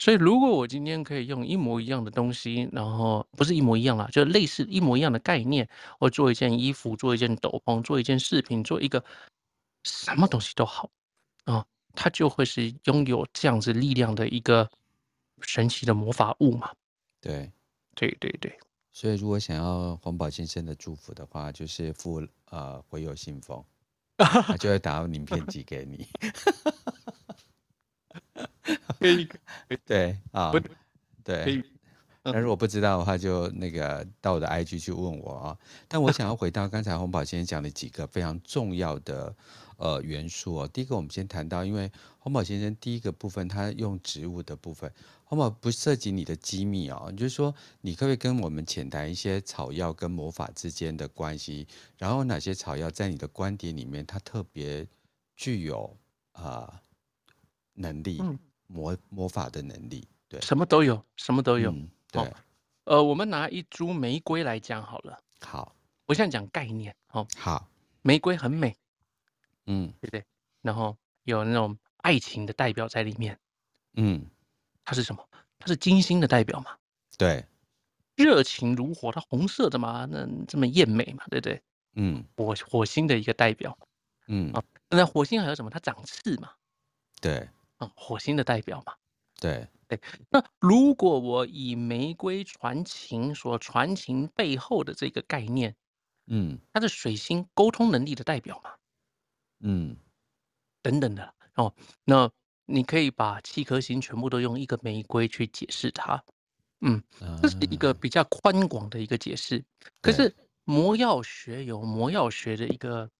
所以，如果我今天可以用一模一樣的東西，然後不是一模一樣啊，就類似一模一樣的概念，我做一件衣服，做一件斗篷，做一件飾品，做一個什麼東西都好，啊、嗯，它就會是擁有這樣子力量的一個神奇的魔法物嘛。對，對對對。所以，如果想要泓葆先生的祝福的話，就是附呃回郵信封， 他就會打到名片寄給你。 可以，可以。 對啊，對，那如果不知道的話，就那個到我的 IG 去問我啊、哦。但我想要回到剛才泓葆先生講的幾個非常重要的呃元素哦。第一個，我們先談到，因為泓葆先生第一個部分他用植物的部分，泓葆不涉及你的機密哦。你就是說，你可不可以跟我們淺談一些草藥跟魔法之間的關係？然後哪些草藥在你的觀點裡面它特別具有啊、呃、能力？嗯魔魔法的能力，對，什麼都有，什麼都有，嗯、對、哦，呃，我們拿一株玫瑰來講好了，好，我現在講概念，好、哦，好，玫瑰很美，嗯，對不對？然後有那種愛情的代表在裡面，嗯，它是什麼？它是金星的代表嘛？對，熱情如火，它紅色的嘛，那這麼艷美嘛，對不對？嗯，火火星的一個代表，嗯、哦、那火星還有什麼？它長刺嘛？對。火星的代表嘛對，對對。那如果我以玫瑰傳情，所傳情背後的這個概念，嗯，它是水星溝通能力的代表嘛，嗯，等等的哦。那你可以把七顆星全部都用一個玫瑰去解釋它，嗯，這是一個比較寬廣的一個解釋。嗯，可是魔藥學有魔藥學的一個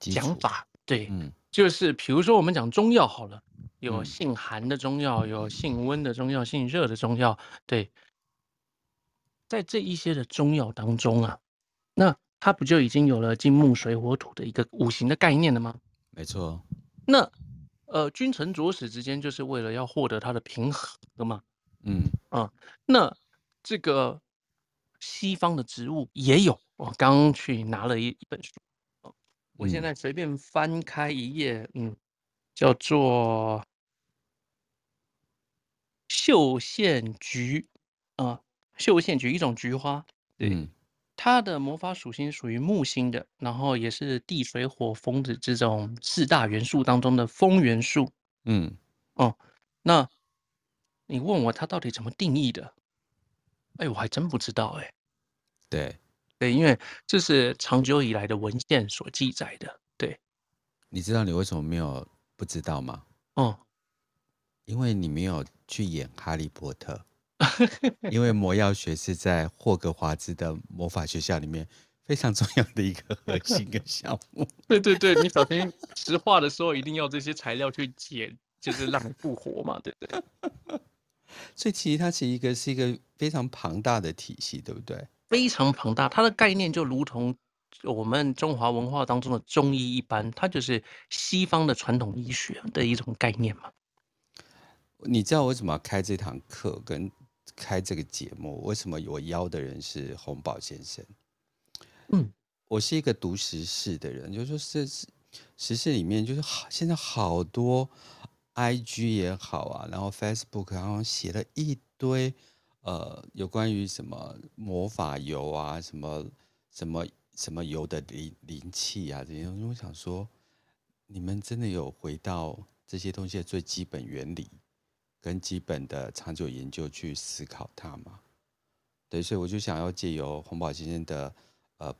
講法，對，嗯。就是比如說我們講中藥好了，有性寒的中藥，有性溫的中藥，性熱的中藥。對，在這一些的中藥當中啊，那它不就已經有了金木水火土的一個五行的概念了嗎？沒錯。那呃，君臣佐使之間就是為了要獲得它的平衡的嘛。嗯啊，那這個西方的植物也有，我剛剛去拿了一一本書。我現在隨便翻開一頁，嗯，嗯叫做繡線菊，啊、呃，繡線菊一種菊花，對、嗯，它的魔法屬性屬於木星的，然後也是地水火風的這種四大元素當中的風元素，嗯，哦、嗯，那你問我它到底怎麼定義的？哎，我還真不知道、欸，哎，對。 對，因為這是長久以來的文獻所記載的。對，你知道你為什麼沒有不知道嗎？哦，因為你沒有去演《哈利波特，》 因為魔藥學是在霍格華茲的魔法學校裡面非常重要的一個核心的項目。 對對對，你小心石化的時候一定要這些材料去解，就是讓你復活嘛，對不對？所以其實它是一個是一個非常龐大的體系，對不對？非常龐大，它的概念就如同我們中華文化當中的中醫一般，它就是西方的傳統醫學的一種概念嘛。你知道我為什麼要開這堂課，跟開這個節目？為什麼我邀的人是泓葆先生？嗯，我是一個讀時事的人，就是說，是時事裡面，就是好現在好多，IG 也好啊，然後 Facebook，然後寫了一堆。呃，有關於什麼魔法油啊，什麼什麼什麼油的靈靈氣啊這些東西，我想說，你們真的有回到這些東西的最基本原理跟基本的長久研究去思考它嗎？對，所以我就想要借由泓葆先生的呃，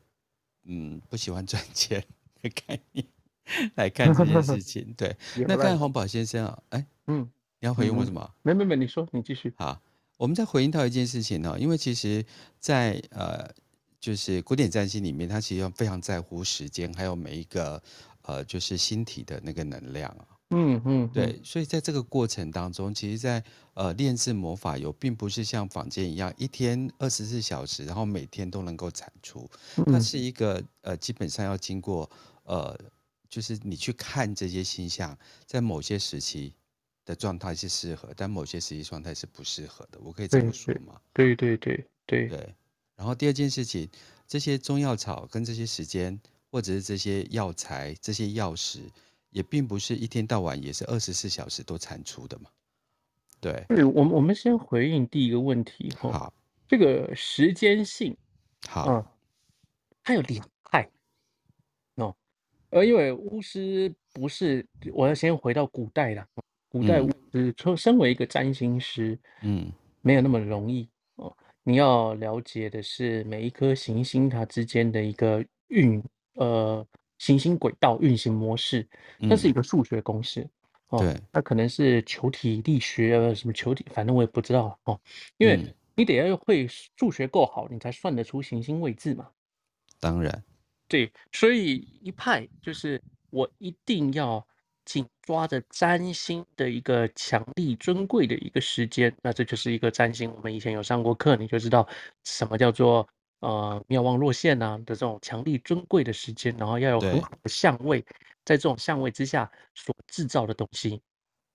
嗯，不喜歡賺錢的概念 來看這件事情。 對， 那看泓葆先生啊，哎、欸，嗯，你要回應為什麼？沒、嗯嗯、沒沒，你說，你繼續。好。我們再回應到一件事情呢、哦，因為其實在，在呃，就是古典占星裡面，它其實非常在乎時間，還有每一個呃，就是星體的那個能量嗯嗯，對，所以在這個過程當中，其實在，在呃，煉製魔法油，並不是像坊間一樣一天二十四小時，然後每天都能夠產出。它是一個呃，基本上要經過呃，就是你去看這些星象，在某些時期。的狀態是適合，但某些實際狀態是不適合的。我可以這麼說嗎？對對對對對。然後第二件事情，這些中藥草跟這些時間或者是這些藥材、這些藥食，也並不是一天到晚，也是二十四小時都產出的嘛？對。對，我們我們先回應第一個問題哈、哦。好。這個時間性。好。嗯、它還有兩派。哦、嗯。呃，因為巫師不是，我要先回到古代了。古代物質、嗯、出身為一個占星師，嗯，沒有那麼容易哦。你要了解的是，每一顆行星它之間的一個運，呃，行星軌道運行模式，它是一個數學公式、嗯、哦。對，那可能是球體力學啊，什麼球體，反正我也不知道哦。因為你得要會數學夠好，你才算得出行星位置嘛。當然，對，所以一派就是我一定要。緊抓着占星的一個強力尊貴的一個時間，那這就是一個占星。我們以前有上過課，你就知道什麼叫做呃廟旺落陷吶、啊、的這種強力尊貴的時間，然後要有很好的相位，在這種相位之下所制造的東西，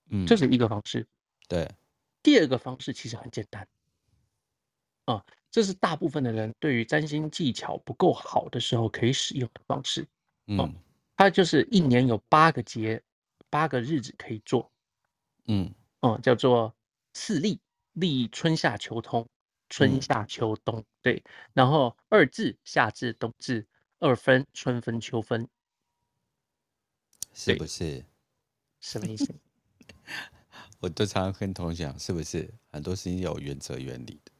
嗯，這、就是一個方式。對，第二個方式其實很簡單，啊、嗯，這是大部分的人對於占星技巧不夠好的時候可以使用的方式。嗯，嗯它就是一年有八個節。八個日子可以做，嗯，哦、嗯，叫做四立，立春夏秋冬，春夏秋冬，嗯、對。然後二至，夏至冬至，二分，春分秋分，是不是？是什麼意思？ 我都常常跟同學講，是不是很多事情有原則原理的？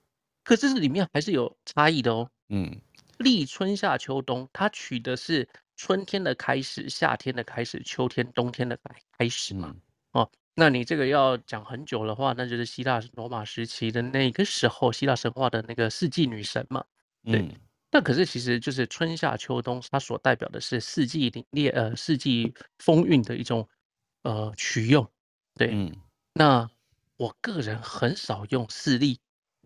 可是裡面還是有差異的哦。嗯，立春夏秋冬，它取的是。春天的開始，夏天的開始，秋天、冬天的開開始嘛、嗯？哦，那你這個要講很久的話，那就是希臘羅馬時期的那個時候，希臘神話的那個四季女神嘛？對。但、嗯、可是其實就是春夏秋冬，它所代表的是四季凜冽呃四季風韻的一種呃取用。對、嗯。那我個人很少用四立，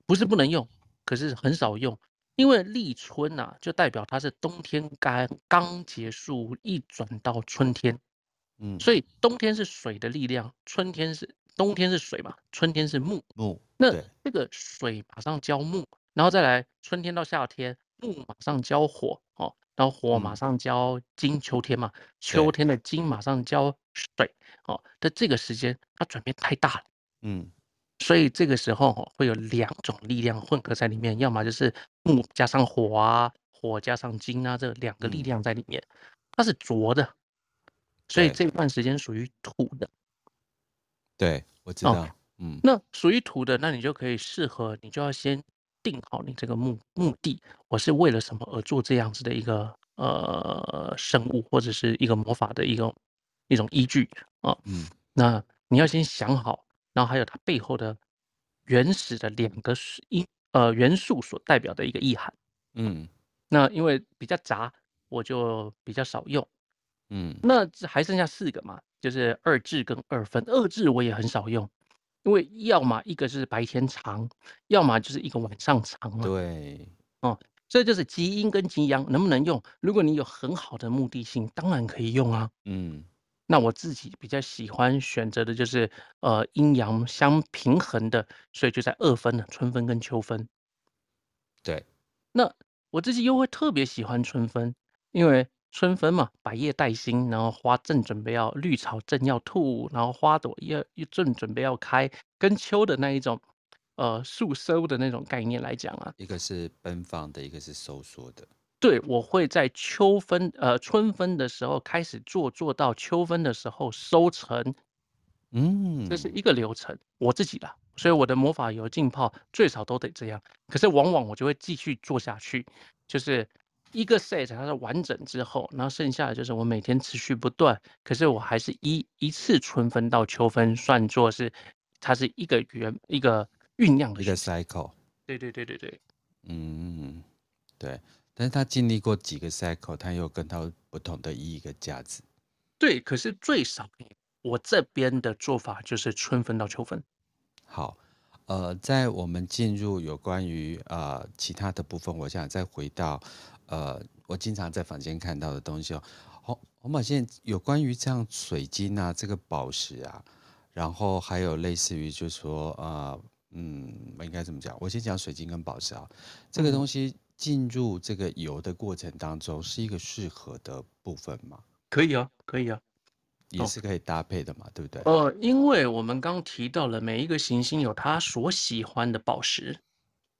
不是不能用，可是很少用。因為立春吶、啊，就代表它是冬天剛剛結束，一轉到春天，嗯，所以冬天是水的力量，春天是冬天是水嘛，春天是木木，那這個水馬上交木，然後再來春天到夏天，木馬上交火哦，然後火馬上交金，秋天嘛、嗯，秋天的金馬上澆水哦，在這個時間它轉變太大了，嗯。所以這個時候會有兩種力量混合在裡面，要麼就是木加上火啊，火加上金啊，這兩個力量在裡面，嗯、它是濁的，所以這段時間屬於土的。對，我知道，哦、嗯，那屬於土的，那你就可以適合，你就要先定好你這個目目的，我是為了什麼而做這樣子的一個呃生物或者是一個魔法的一個一種依據啊、哦，嗯，那你要先想好。然後還有它背後的原始的兩個是呃元素所代表的一個意涵，嗯，那因為比較雜，我就比較少用，嗯，那還剩下四個嘛，就是二至跟二分，二至，我也很少用，因為要麼一個是白天長，要麼就是一個晚上長嘛、啊，對，哦、嗯，這就是極陰跟極陽能不能用？如果你有很好的目的性，當然可以用啊，嗯。那我自己比較喜歡選擇的就是，呃，陰陽相平衡的，所以就在二分了，春分跟秋分。對，那我自己又會特別喜歡春分，因為春分嘛，百葉帶新，然後花正準備要綠草正要吐，然後花朵也也正準備要開，跟秋的那一種，呃，樹收的那種概念來講啊，一個是奔放的，一個是收縮的。對，我會在秋分，呃，春分的時候開始做，做到秋分的時候收成，嗯，這是一個流程，我自己的，所以我的魔法油浸泡最少都得這樣。可是往往我就會繼續做下去，就是一個 set，它是完整之後，然後剩下的就是我每天持續不斷。可是我還是一一次春分到秋分算作是，它是一個圓，一個醞釀的一個 cycle。對對對對對，嗯，對。但是他經歷過幾個 cycle，他又跟他不同的一個價值。對，可是最少，我這邊的做法就是春分到秋分。好，呃，在我們進入有關於呃其他的部分，我想再回到，呃，我經常在房間看到的東西哦，紅紅寶線有關於這樣水晶啊，這個寶石啊，然後還有類似於就是說啊、呃，嗯，我應該怎麼講？我先講水晶跟寶石啊，這個東西、嗯。進入這個油的過程當中，是一個適合的部分嗎？可以啊，可以啊，也是可以搭配的嘛，oh. 對不對？哦、呃，因為我們剛提到了每一個行星有它所喜歡的寶石，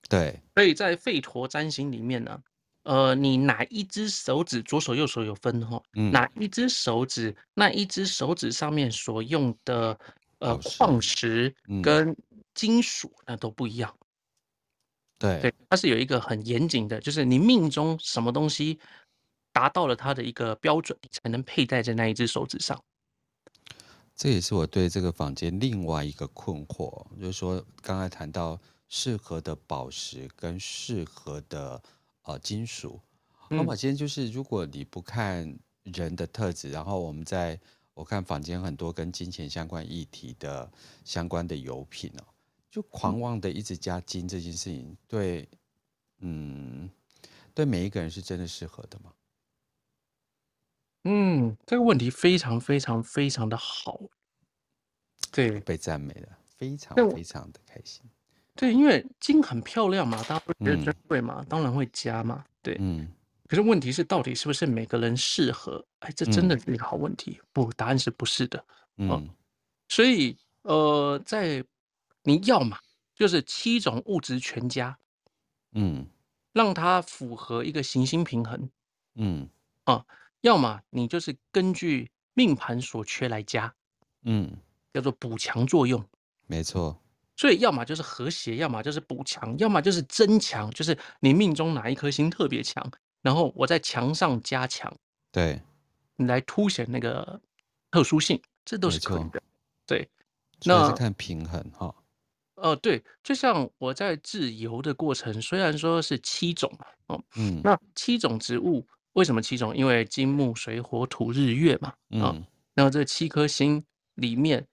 對。所以在吠陀占星裡面呢，呃，你哪一隻手指，左手右手有分哈、哦嗯，哪一隻手指，那一隻手指上面所用的呃石礦石跟金屬、嗯、那都不一樣。對，它是有一個很嚴謹的，就是你命中什麼東西達到了它的一個標準，才能佩戴在那一隻手指上。這也是我對這個坊間另外一個困惑，就是說剛才談到適合的寶石跟適合的呃金屬，那麼，嗯，啊，今天就是如果你不看人的特質，然後我們在我看坊間很多跟金錢相關議題的相關的油品哦。就狂妄的一直加金這件事情，對，嗯，對每一個人是真的適合的嗎？嗯，這個問題非常非常非常的好。對，被讚美了，非常非常的開心。對，因為金很漂亮嘛，大家會覺得珍貴嘛、嗯，當然會加嘛。對，嗯。可是問題是，到底是不是每個人適合？哎，這真的是一個好問題。嗯、不，答案是不是的。嗯，呃、所以呃，在。你要嘛就是七種物質全加，嗯，讓它符合一個行星平衡，嗯啊，要麼你就是根據命盤所缺來加，嗯，叫做補強作用，沒錯。所以要麼就是和諧，要麼就是補強，要麼就是增強，就是你命中哪一顆星特別強，然後我在強上加強，對，你來凸顯那個特殊性，這都是可以的。對，主要是看平衡哈。哦，對，就像我在製油的過程，雖然說是七種嘛，哦，嗯，那七種植物為什麼七種？因為金木水火土日月嘛，哦，嗯，然後這七顆星裡面，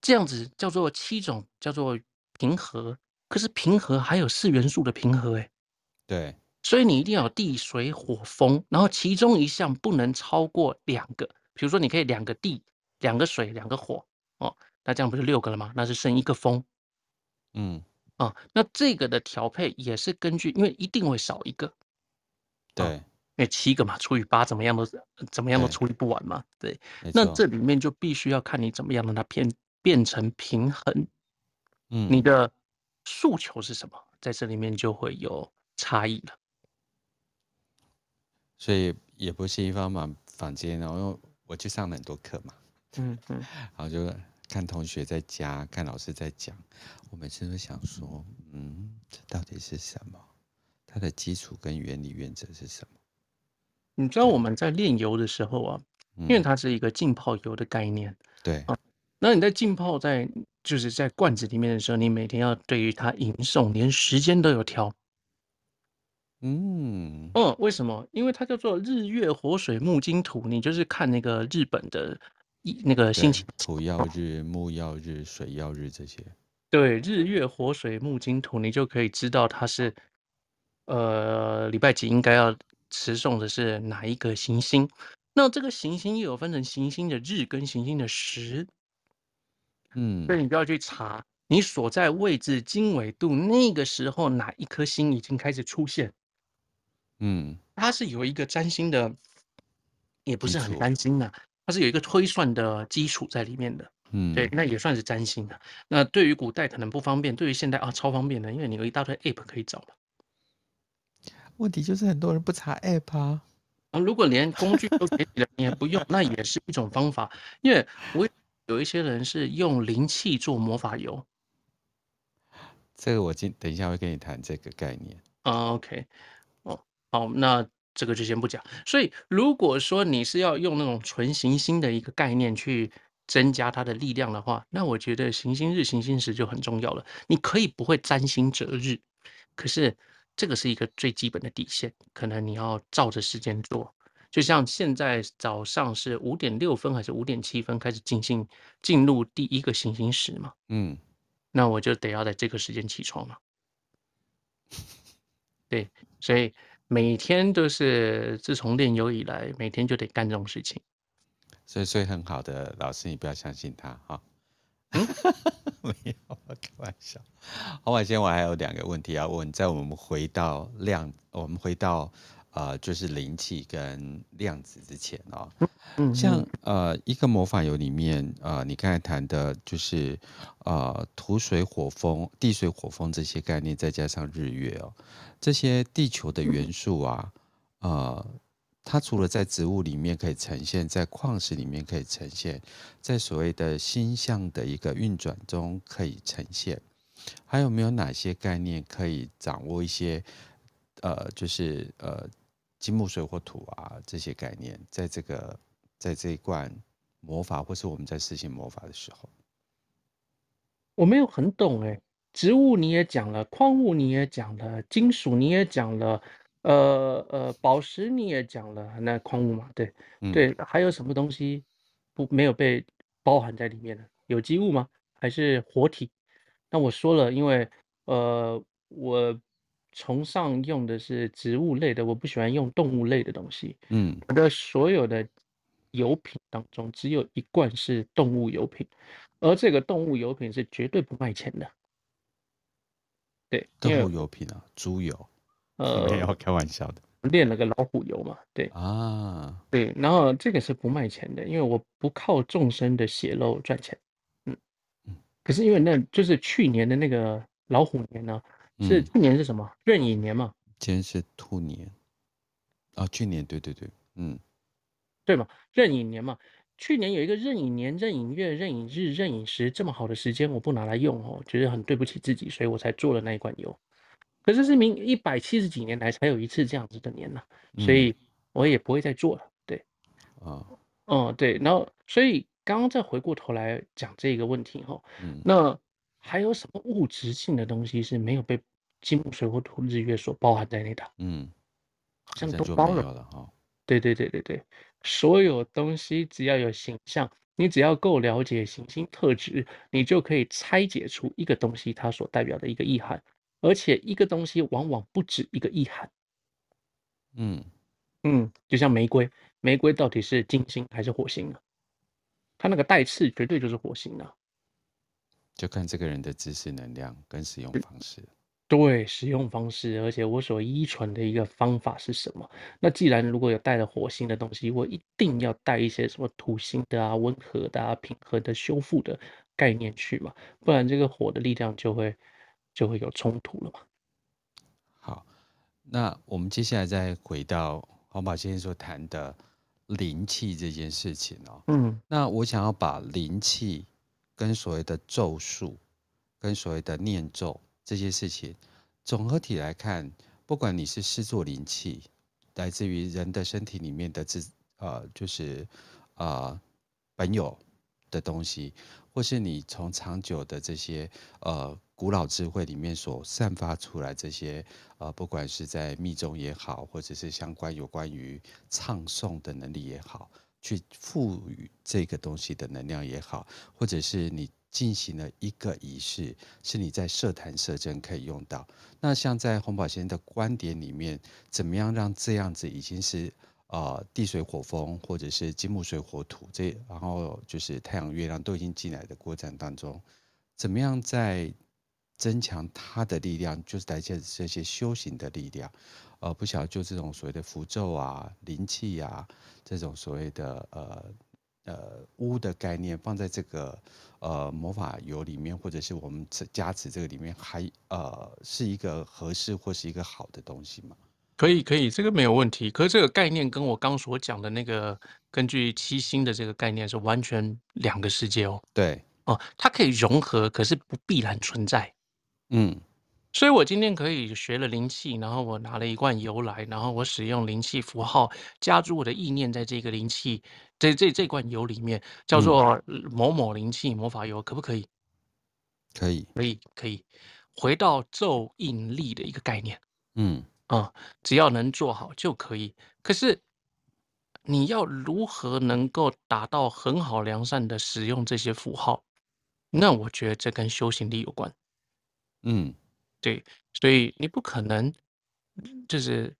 這樣子叫做七種，叫做平和。可是平和還有四元素的平和，誒，對，所以你一定要有地水火風，然後其中一項不能超過兩個，比如說你可以兩個地，兩個水，兩個火，哦，那這樣不是六個了嗎？那是剩一個風。嗯啊，那這個的調配也是根據，因為一定會少一個，對，啊、因為七個嘛，除以八，怎麼樣都怎麼樣都處理不完嘛，對，對，那這裡面就必須要看你怎麼樣讓它變變成平衡，嗯，你的訴求是什麼，在這裡面就會有差異了。所以也不是一方嘛，坊間，然後我去上了很多課嘛，嗯嗯，然後就。看同學在家，看老師在講，我們其實想說，嗯，這到底是什麼？它的基礎跟原理、原則是什麼？你知道我們在煉油的時候啊、嗯，因為它是一個浸泡油的概念，嗯、對。那、嗯、你在浸泡在就是在罐子裡面的時候，你每天要對於它吟誦，連時間都有挑。嗯哦、嗯，為什麼？因為它叫做日月火水木金土，你就是看那個日本的。一那個行星，星、土曜日、木曜日、水曜日這些，對。日月火水木金土，你就可以知道它是呃禮拜幾應該要持誦的是哪一個行星。那這個行星又有分成行星的日跟行星的時，嗯，所以你不要去查你所在位置經緯度那個時候哪一顆星已經開始出現。嗯，它是有一個占星的，也不是很占星的。是有一個推算的基礎在裡面的，嗯，對，那也算是占星的。嗯。那對於古代可能不方便，對於現代啊超方便的，因為你有一大堆 App 可以找了。問題就是很多人不查 App 啊。嗯，如果連工具都給你了 你也不用，那也是一種方法。 因為我有一些人是用靈氣做魔法油。這個我今等一下會跟你談這個概念。啊，OK，哦，好，那。這個就先不講。所以，如果說你是要用那種純行星的一個概念去增加它的力量的話，那我覺得行星日行星時就很重要了。你可以不會占星擇日，可是這個是一個最基本的底線。可能你要照着時間做，就像現在早上是五點六分還是五點七分開始進行進入第一個行星時嘛？嗯，那我就得要在這個時間起床了。對，所以。每天都是，自從練油以來，每天就得幹這種事情。所以，所以很好的老師，你不要相信他哈。哦嗯、 沒有，開玩笑。好吧，今天我還有兩個問題要問，在我們回到量，我們回到。呃，就是靈氣跟量子之前哦，嗯，像呃一個魔法油裡面呃，你剛才談的，就是呃土水火風、地水火風這些概念，再加上日月哦，這些地球的元素啊，呃，它除了在植物裡面可以呈現，在礦石裡面可以呈現，在所謂的星象的一個運轉中可以呈現，還有沒有哪些概念可以掌握一些？呃，就是呃。金木水火土啊，這些概念，在這個，在這一罐魔法或是我們在實行魔法的時候，我沒有很懂哎、欸。植物你也講了，礦物你也講了，金屬你也講了，呃呃，寶石你也講了，那礦物嘛，對對、嗯，還有什麼東西不沒有被包含在裡面呢？有機物嗎？還是活體？那我說了，因為呃，我。崇尚用的是植物類的，我不喜歡用動物類的東西。嗯，我的所有的油品當中，只有一罐是動物油品，而這個動物油品是絕對不賣錢的。對，動物油品啊，豬油。呃，沒有開玩笑的，練了個老虎油嘛。對啊，對，然後這個是不賣錢的，因為我不靠眾生的血肉賺錢嗯。嗯，可是因為那就是去年的那個老虎年呢、啊。是去、嗯、年是什麼壬寅年嘛？今天是兔年，啊、哦，去年對對對，嗯，對嘛，壬寅年嘛，去年有一個壬寅年、壬寅月、壬寅日、壬寅時，這麼好的時間我不拿來用哦，覺、就、得、是、很對不起自己，所以我才做了那一罐油。可是這是明一百七十幾年來才有一次這樣子的年呢、啊嗯，所以我也不會再做了。對，啊、哦、哦、嗯，對，然後所以剛剛再回過頭來講這個問題後、哦嗯，那還有什麼物質性的東西是沒有被？金木水火土日月所包含在內的，嗯，好像都包含了哈、哦。對對對對對，所有東西只要有形象，你只要夠了解行星特質，你就可以拆解出一個東西它所代表的一個意涵。而且一個東西往往不止一個意涵。嗯嗯，就像玫瑰，玫瑰到底是金星還是火星啊？它那個帶刺絕對就是火星啊。就看這個人的知識能量跟使用方式。嗯對，使用方式，而且我所依存的一個方法是什麼？那既然如果有帶了火星的東西，我一定要帶一些什麼土星的啊、溫和的、啊、平和的、修復的概念去嘛，不然這個火的力量就會就會有衝突了嘛。好，那我們接下來再回到泓葆先生所談的靈氣這件事情哦。嗯，那我想要把靈氣跟所謂的咒術，跟所謂的念咒。這些事情，總合體來看，不管你是視作靈氣，來自於人的身體裡面的自，呃，就是，呃，本有的東西，或是你從長久的這些，呃，古老智慧裡面所散發出來這些，呃，不管是在密宗也好，或者是相關有關於唱誦的能力也好，去賦予這個東西的能量也好，或者是你。進行了一個儀式，是你在設壇設陣可以用到。那像在泓葆先生的觀點裡面，怎麼樣讓這樣子已經是呃地水火風，或者是金木水火土這，然後就是太陽月亮都已經進來的過程當中，怎麼樣在增強它的力量，就是代謝這些修行的力量，呃，不曉得就這種所謂的符咒啊、靈氣呀這種所謂的呃。呃，污的概念放在這個呃魔法油裡面，或者是我們加持這個裡面，還呃是一個合適或是一個好的東西嗎？可以，可以，這個沒有問題。可是這個概念跟我剛所講的那個根據七星的這個概念是完全兩個世界哦。對，哦、呃，它可以融合，可是不必然存在。嗯，所以我今天可以學了靈氣，然後我拿了一罐油來，然後我使用靈氣符號，加注我的意念，在這個靈氣。這這這罐油裡面叫做某某靈氣、嗯、魔法油，可不可以？可以，可以，可以。回到咒印力的一個概念，嗯啊、嗯，只要能做好就可以。可是你要如何能夠達到很好良善的使用這些符號？那我覺得這跟修行力有關。嗯，對，所以你不可能就是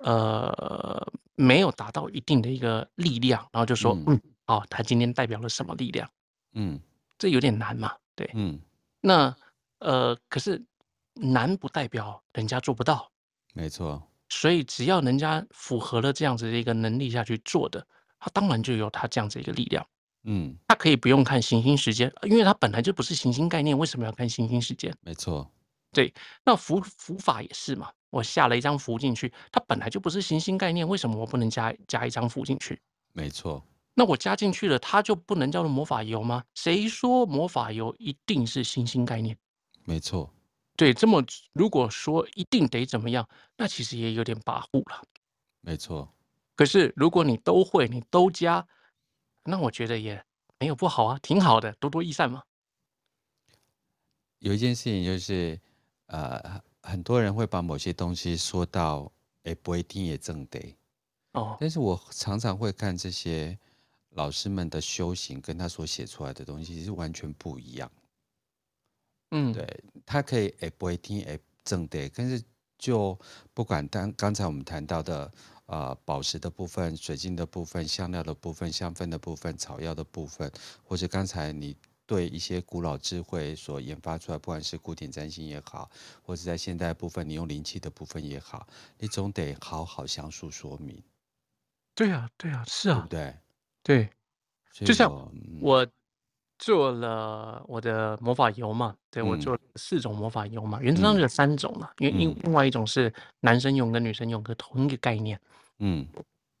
呃。沒有達到一定的一個力量，然後就說嗯，嗯，哦，他今天代表了什麼力量？嗯，這有點難嘛，對，嗯，那呃，可是難不代表人家做不到，沒錯。所以只要人家符合了這樣子的一個能力下去做的，他當然就有他這樣子一個力量，嗯，他可以不用看行星時間，因為他本來就不是行星概念，為什麼要看行星時間？沒錯，對，那符符法也是嘛。我下了一張符進去，它本來就不是行星概念，為什麼我不能加加一張符進去？沒錯，那我加進去了，它就不能叫做魔法油嗎？誰說魔法油一定是行星概念？沒錯，對，這麼如果說一定得怎麼樣，那其實也有點跋扈了。沒錯，可是如果你都會，你都加，那我覺得也沒有不好啊，挺好的，多多益善嘛。有一件事情就是，呃。很多人會把某些東西說到誒，不一定也正對哦。但是我常常會看這些老師們的修行，跟他所寫出來的東西是完全不一樣。嗯，對他可以誒不一定誒正對，但是就不管剛剛才我們談到的啊、呃、寶石的部分、水晶的部分、香料的部分、香氛的部分、草藥的部分，或者剛才你。對一些古老智慧所研發出來，不管是古典占星也好，或者在現代部分你用靈氣的部分也好，你總得好好詳述說明。對啊，對啊，是啊，對對，對，就像我做了我的魔法油嘛，嗯、對我做了四種魔法油嘛，嗯、原則上有三種嘛、嗯，因為另外一種是男生用跟女生用的同一個概念，嗯，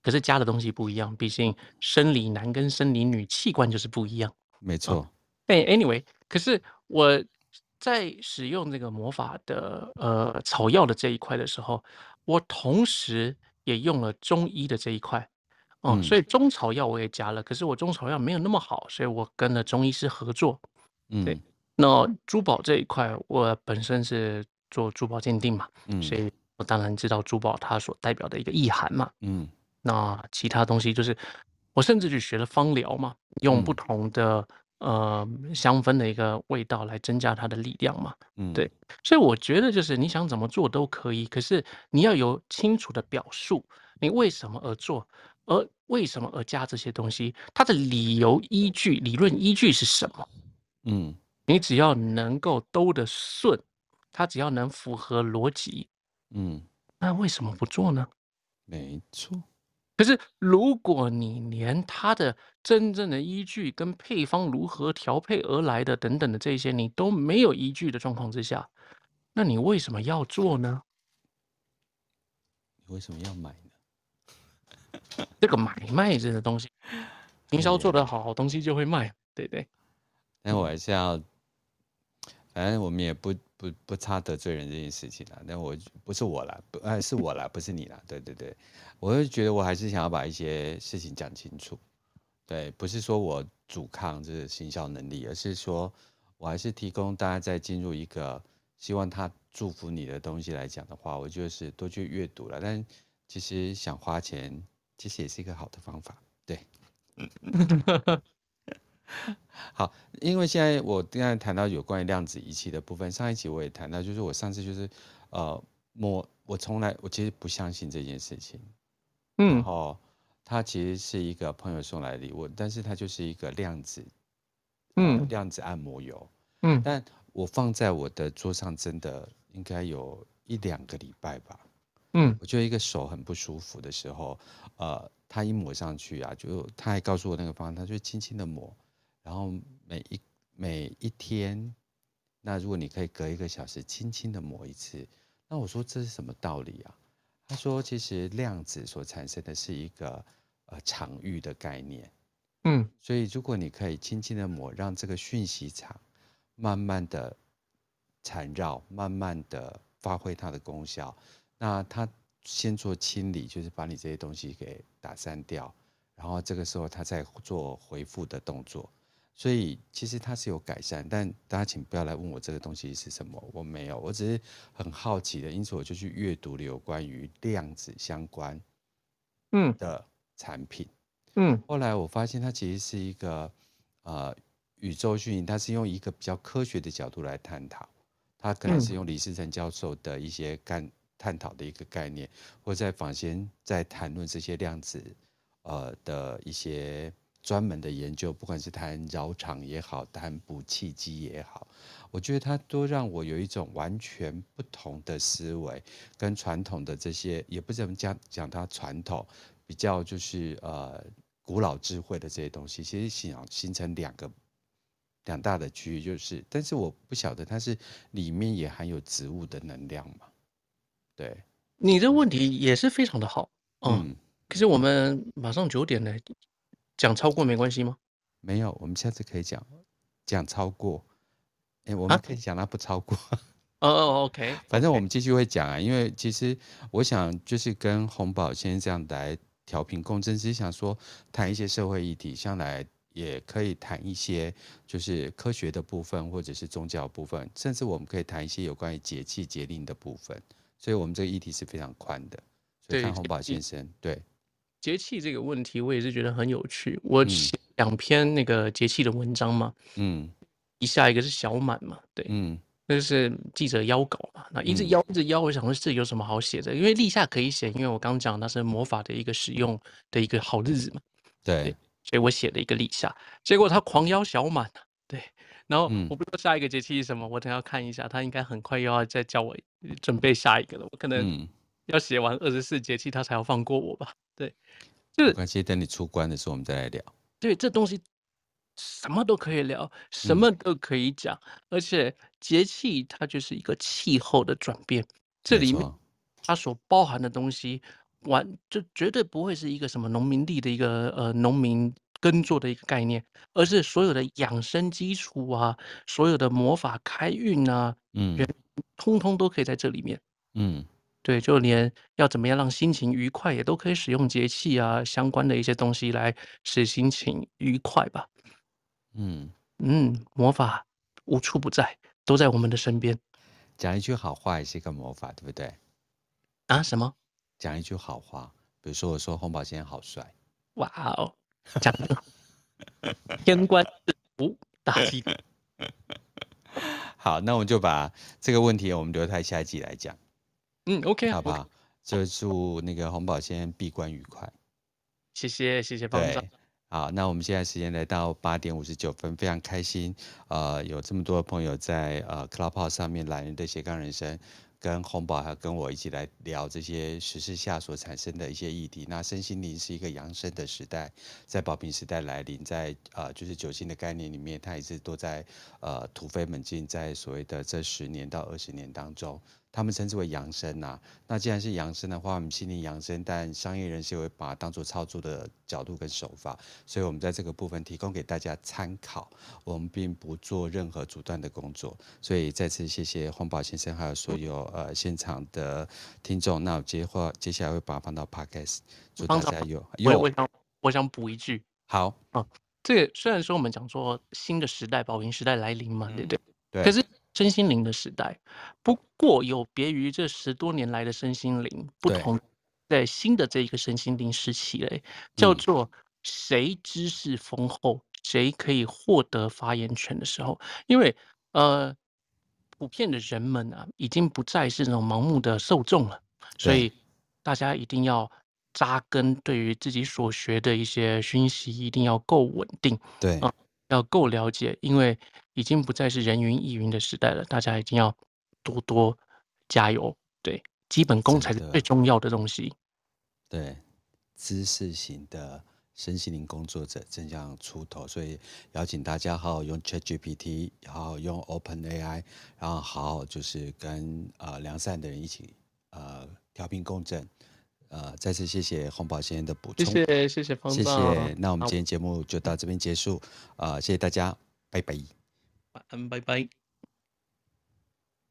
可是加的東西不一樣，畢竟生理男跟生理女器官就是不一樣，沒錯。嗯哎，Anyway，可是我在使用這個魔法的呃草藥的這一塊的時候，我同時也用了中醫的這一塊嗯，嗯，所以中草藥我也加了，可是我中草藥沒有那麼好，所以我跟了中醫師合作，嗯，對。那珠寶這一塊，我本身是做珠寶鑑定嘛，嗯，所以我當然知道珠寶它所代表的一個意涵嘛，嗯，那其他東西就是我甚至去學了芳療嘛，用不同的，嗯。呃，香氛的一個味道來增加它的力量嘛，嗯，對，所以我覺得就是你想怎麼做都可以，可是你要有清楚的表述，你為什麼而做，而為什麼而加這些東西，它的理由依據、理論依據是什麼？嗯，你只要能夠兜得順，它只要能符合邏輯，嗯，那為什麼不做呢？沒錯。可是，如果你連它的真正的依據跟配方如何調配而來的等等的這些，你都沒有依據的狀況之下，那你為什麼要做呢？你為什麼要買呢？這個買賣這個東西，營銷做得好，好東西就會賣，對對、對。但我還是要，反正我們也不。不不差得罪人這件事情了，啊，那我不是我了，不哎是我了，不是你了，對對對，我就覺得我還是想要把一些事情講清楚，對，不是說我阻抗這個行銷能力，而是說我還是提供大家在進入一個希望他祝福你的東西來講的話，我就是多去閱讀了，但其實想花錢其實也是一個好的方法，對。 好，因為現在我剛才談到有關於量子儀器的部分，上一期我也談到，就是我上次就是，呃，摸。我從來我其實不相信這件事情，嗯，然後它其實是一個朋友送來的禮物，但是它就是一個量子，嗯、呃，量子按摩油，嗯，但我放在我的桌上真的應該有一兩個禮拜吧，嗯，我覺得一個手很不舒服的時候，呃，他一抹上去啊，就他還告訴我那個方法，他就輕輕的抹。然後每一每一天，那如果你可以隔一個小時輕輕的抹一次，那我說這是什麼道理啊？他說其實量子所產生的是一個呃場域的概念，嗯，所以如果你可以輕輕的抹，讓這個訊息場慢慢的纏繞，慢慢的發揮它的功效，那他先做清理，就是把你這些東西給打散掉，然後這個時候他再做回復的動作。所以其實它是有改善，但大家請不要來問我這個東西是什麼，我沒有，我只是很好奇的，因此我就去閱讀了有關於量子相關，嗯的產品嗯，嗯，後來我發現它其實是一個，呃，宇宙訊練，它是用一個比較科學的角度來探討，它可能是用李思成教授的一些探討的一個概念，嗯、或在坊間在談論這些量子，呃的一些。專門的研究，不管是談療場也好，談補氣機也好，我覺得它都讓我有一種完全不同的思維，跟傳統的這些也不怎麼講講它傳統，比較就是呃古老智慧的這些東西，其實形形成兩個兩大的區域，就是，但是我不曉得它是裡面也含有植物的能量嘛？對，你的問題也是非常的好，嗯，嗯可是我們馬上九點來。講超過沒關係嗎？沒有，我們下次可以講講超過。誒、欸，我們可以講他不超過。哦哦、 oh,，OK。反正我們繼續會講啊，okay. 因為其實我想就是跟泓葆先生這樣來調頻共振，只是想說談一些社會議題，將來也可以談一些就是科學的部分，或者是宗教部分，甚至我們可以談一些有關於節氣節令的部分。所以，我們這個議題是非常寬的。對。所以泓葆先生，對。對節氣這個問題，我也是覺得很有趣。我寫兩篇那個節氣的文章嘛，嗯，一下一個是小滿嘛，對，嗯，那就是記者邀稿嘛，那一直邀一直邀，我想說這有什麼好寫的？嗯，因為立夏可以寫，因為我剛講那是魔法的一個使用的一個好日子嘛，對，對，所以我寫了一個立夏，結果他狂邀小滿，啊，對，然後我不知道下一個節氣是什麼，我等下看一下，他應該很快又要再叫我準備下一個了，我可能，嗯。要寫完二十四節氣，他才要放過我吧？對，沒關係。等你出關的時候，我們再來聊。對，這東西什麼都可以聊，什麼都可以講。而且節氣它就是一個氣候的轉變，這裡面它所包含的東西，完就絕對不會是一個什麼農民地的一個呃農民耕作的一個概念，而是所有的養生基礎啊，所有的魔法開運啊，嗯，通通都可以在這裡面嗯，嗯。對，就連要怎麼樣讓心情愉快，也都可以使用節氣啊相關的一些東西來使心情愉快吧。嗯嗯，魔法無處不在，都在我們的身邊。講一句好話也是一個魔法，對不對？啊？什麼？講一句好話，比如說我說泓葆先生好帥。哇哦！講 天官賜福大吉。 好，那我們就把這個問題我們留在下一集來講。嗯，OK，好吧，好，就祝那個泓葆先生閉關愉快，謝謝謝謝，寶貝。好，那我們現在時間來到八點五十九分，非常開心，呃，有這麼多朋友在呃 Clubhouse 上面來的斜槓人生跟泓葆還有跟我一起來聊這些時事下所產生的一些議題。那身心靈是一個揚升的時代，在寶瓶時代來臨，在呃就是酒精的概念裡面，它一直都在呃突飛猛進，在所謂的這十年到二十年當中。他們稱之為揚升啊，那既然是揚升的話，我們心裡揚升，但商業人士會把它當做操作的角度跟手法，所以我們在這個部分提供給大家參考，我們並不做任何阻斷的工作。所以再次謝謝泓葆先生還有所有呃現場的聽眾。那我接話接下來會把它放到 podcast，祝大家有。有我，我想我想補一句。好啊，這個雖然說我們講說新的時代，寶瓶時代來臨嘛，對不對，對？對。可是。身心靈的時代，不過有別於這十多年來的身心靈不同，在新的這一個身心靈時期嘞、嗯，叫做誰知識豐厚，誰可以獲得發言權的時候，因為呃，普遍的人們啊，已經不再是那種盲目的受眾了，所以大家一定要扎根，對於自己所學的一些訊息，一定要夠穩定，對啊。嗯要夠了解，因為已經不再是人云亦云的時代了，大家一定要多多加油。對，基本功才是最重要的東西。對，知識型的身心靈工作者正將出頭，所以邀請大家好好用 ChatGPT，然後好好用 OpenAI，然後好好就是跟呃良善的人一起呃調頻共振。呃，再次謝謝泓葆先生的補充，謝謝謝謝，謝謝。那我們今天節目就到這邊結束，啊、呃，謝謝大家，拜拜，晚安，拜拜。